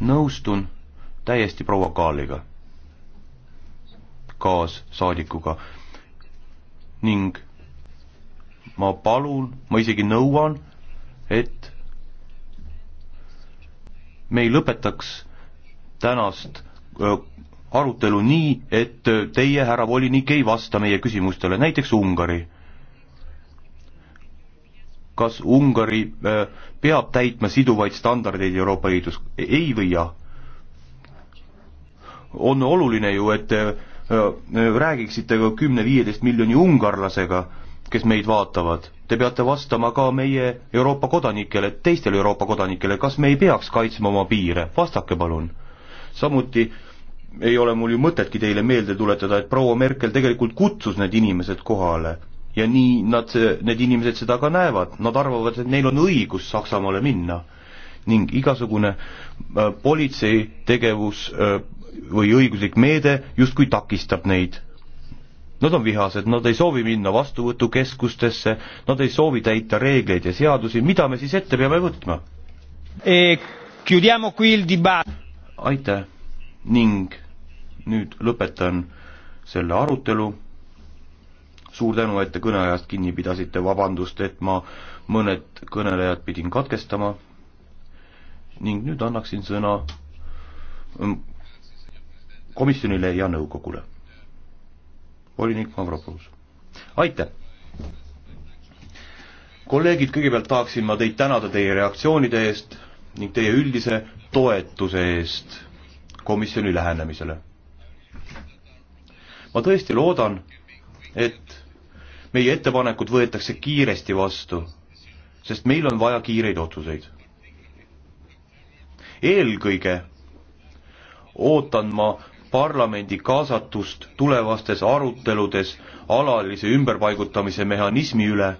nõustun täiesti proua Kaaliga, kaassaadikuga ning ma palun, ma isegi nõuan, et me ei lõpetaks tänast öö, arutelu nii, et teie, härra volinik, ei vasta meie küsimustele, näiteks Ungari kas Ungari äh, peab täitma siduvaid standardeid Euroopa Liidus, ei või jah? on oluline ju, et te äh, äh, räägiksite ka kümne-viieteist miljoni ungarlasega, kes meid vaatavad. Te peate vastama ka meie Euroopa kodanikele, teistele Euroopa kodanikele, kas me ei peaks kaitsma oma piire, vastake palun. samuti ei ole mul ju mõtetki teile meelde tuletada, et proua Merkel tegelikult kutsus need inimesed kohale ja nii nad, need inimesed seda ka näevad, nad arvavad, et neil on õigus Saksamaale minna ning igasugune äh, politsei tegevus äh, või õiguslik meede justkui takistab neid. Nad on vihased, nad ei soovi minna vastuvõtukeskustesse, nad ei soovi täita reegleid ja seadusi, mida me siis ette peame võtma e,? aitäh ning nüüd lõpetan selle arutelu suur tänu, et te kõneajast kinni pidasite, vabandust, et ma mõned kõnelejad pidin katkestama ning nüüd annaksin sõna mm, komisjonile ja nõukogule. volinik Mavropoulos, aitäh! kolleegid, kõigepealt tahaksin ma teid tänada teie reaktsioonide eest ning teie üldise toetuse eest komisjoni lähenemisele. ma tõesti loodan, et meie ettepanekud võetakse kiiresti vastu, sest meil on vaja kiireid otsuseid. eelkõige ootan ma parlamendi kaasatust tulevastes aruteludes alalise ümberpaigutamise mehhanismi üle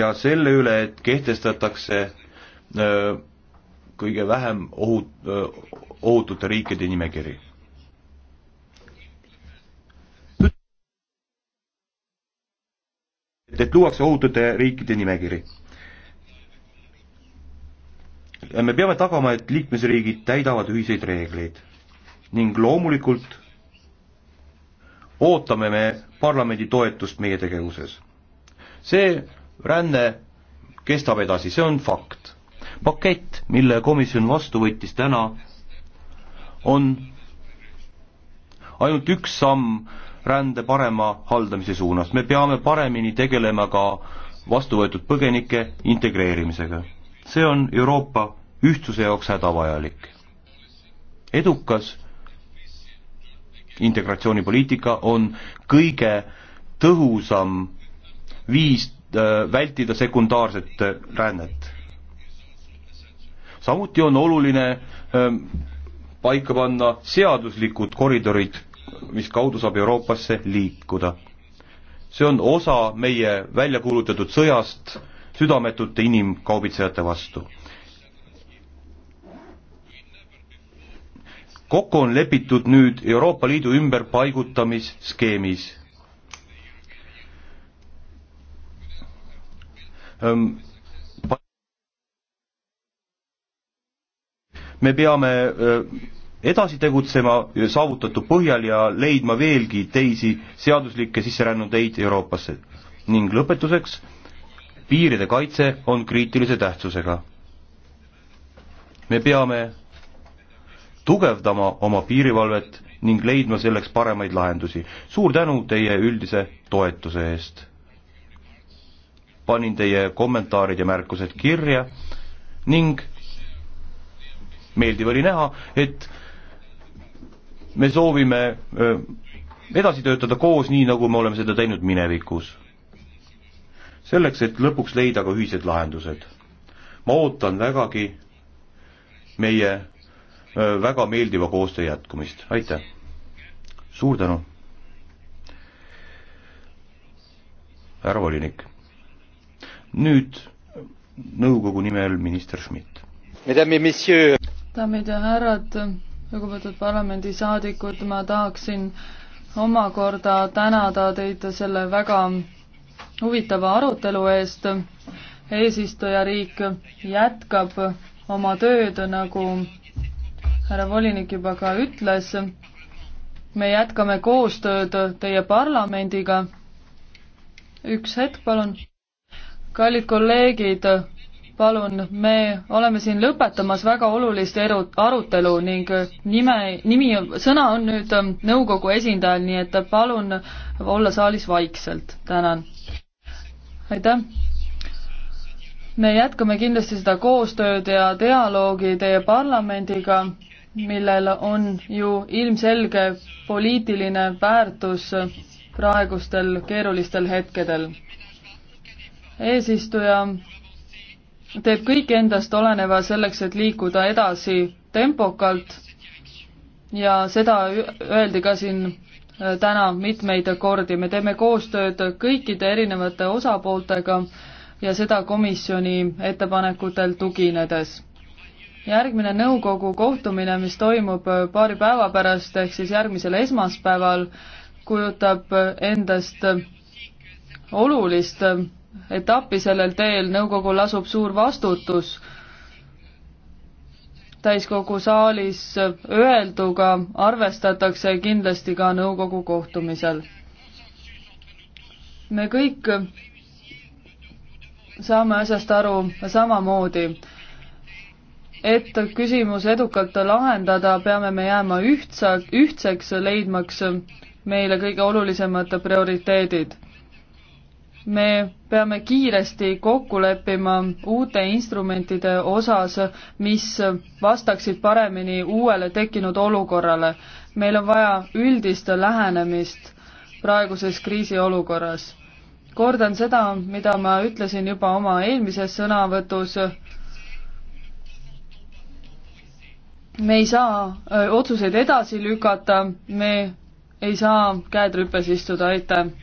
ja selle üle, et kehtestatakse öö, äh, kõige vähem ohut-, äh, ohutute riikide nimekiri et luuakse ohutute riikide nimekiri. me peame tagama, et liikmesriigid täidavad ühiseid reegleid ning loomulikult ootame me parlamendi toetust meie tegevuses. see ränne kestab edasi, see on fakt. pakett, mille komisjon vastu võttis täna, on ainult üks samm rände parema haldamise suunas. me peame paremini tegelema ka vastu võetud põgenike integreerimisega. see on Euroopa ühtsuse jaoks hädavajalik. edukas integratsioonipoliitika on kõige tõhusam viis äh, vältida sekundaarset äh, rännet. samuti on oluline ähm, paika panna seaduslikud koridorid mis kaudu saab Euroopasse liikuda. see on osa meie välja kuulutatud sõjast südametute inimkaubitsejate vastu. kokku on lepitud nüüd Euroopa Liidu ümberpaigutamisskeemis. Ehm, me peame ehm, edasi tegutsema saavutatu põhjal ja leidma veelgi teisi seaduslikke sisserännuteid Euroopasse. ning lõpetuseks, piiride kaitse on kriitilise tähtsusega. me peame tugevdama oma piirivalvet ning leidma selleks paremaid lahendusi. suur tänu teie üldise toetuse eest. panin teie kommentaarid ja märkused kirja ning meeldiv oli näha, et me soovime edasi töötada koos, nii nagu me oleme seda teinud minevikus. selleks, et lõpuks leida ka ühised lahendused. ma ootan vägagi meie väga meeldiva koostöö jätkumist, aitäh! suur tänu! härra volinik. nüüd nõukogu nimel minister Schmidt. daamid ja härrad, lugupeetud parlamendisaadikud, ma tahaksin omakorda tänada teid selle väga huvitava arutelu eest. eesistujariik jätkab oma tööd, nagu härra volinik juba ka ütles. me jätkame koostööd teie parlamendiga. üks hetk, palun. kallid kolleegid palun, me oleme siin lõpetamas väga olulist eru-, arutelu ning nime, nimi, sõna on nüüd ähm, nõukogu esindajal, nii et palun olla saalis vaikselt, tänan. aitäh. me jätkame kindlasti seda koostööd ja dialoogi teie parlamendiga, millel on ju ilmselge poliitiline väärtus praegustel keerulistel hetkedel. eesistuja teeb kõik endast oleneva selleks, et liikuda edasi tempokalt ja seda öeldi ka siin äh, täna mitmeid kordi, me teeme koostööd kõikide erinevate osapooltega ja seda komisjoni ettepanekutel tuginedes. järgmine nõukogu kohtumine, mis toimub äh, paari päeva pärast, ehk siis järgmisel esmaspäeval, kujutab endast äh, olulist etappi sellel teel, nõukogul asub suur vastutus. täiskogu saalis öelduga arvestatakse kindlasti ka nõukogu kohtumisel. me kõik saame asjast aru samamoodi. et küsimus edukalt lahendada, peame me jääma ühtsa, ühtseks, leidmaks meile kõige olulisemad prioriteedid me peame kiiresti kokku leppima uute instrumentide osas, mis vastaksid paremini uuele tekkinud olukorrale. meil on vaja üldist lähenemist praeguses kriisiolukorras. kordan seda, mida ma ütlesin juba oma eelmises sõnavõtus, me ei saa öö, äh, otsuseid edasi lükata, me ei saa käed rüpes istuda, aitäh!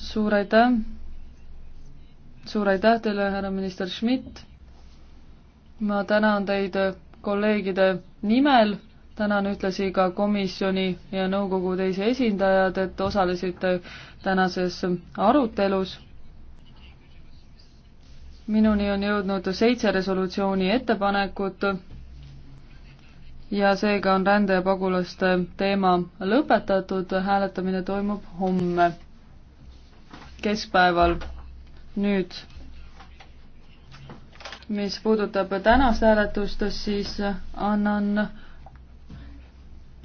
suur aitäh, suur aitäh teile, härra minister Schmidt. ma tänan teid kolleegide nimel, tänan ühtlasi ka komisjoni ja nõukogu teisi esindajad, et osalesite tänases arutelus. minuni on jõudnud seitse resolutsiooni ettepanekut ja seega on rände ja pagulaste teema lõpetatud, hääletamine toimub homme keskpäeval. nüüd, mis puudutab tänast hääletust, siis annan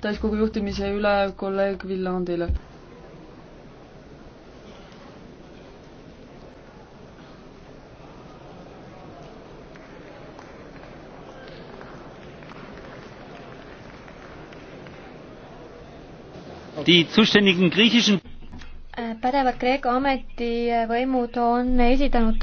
täiskogu juhtimise üle kolleeg Villandile. die zuständigen griechischen pädevad Kreeka ametivõimud on esitanud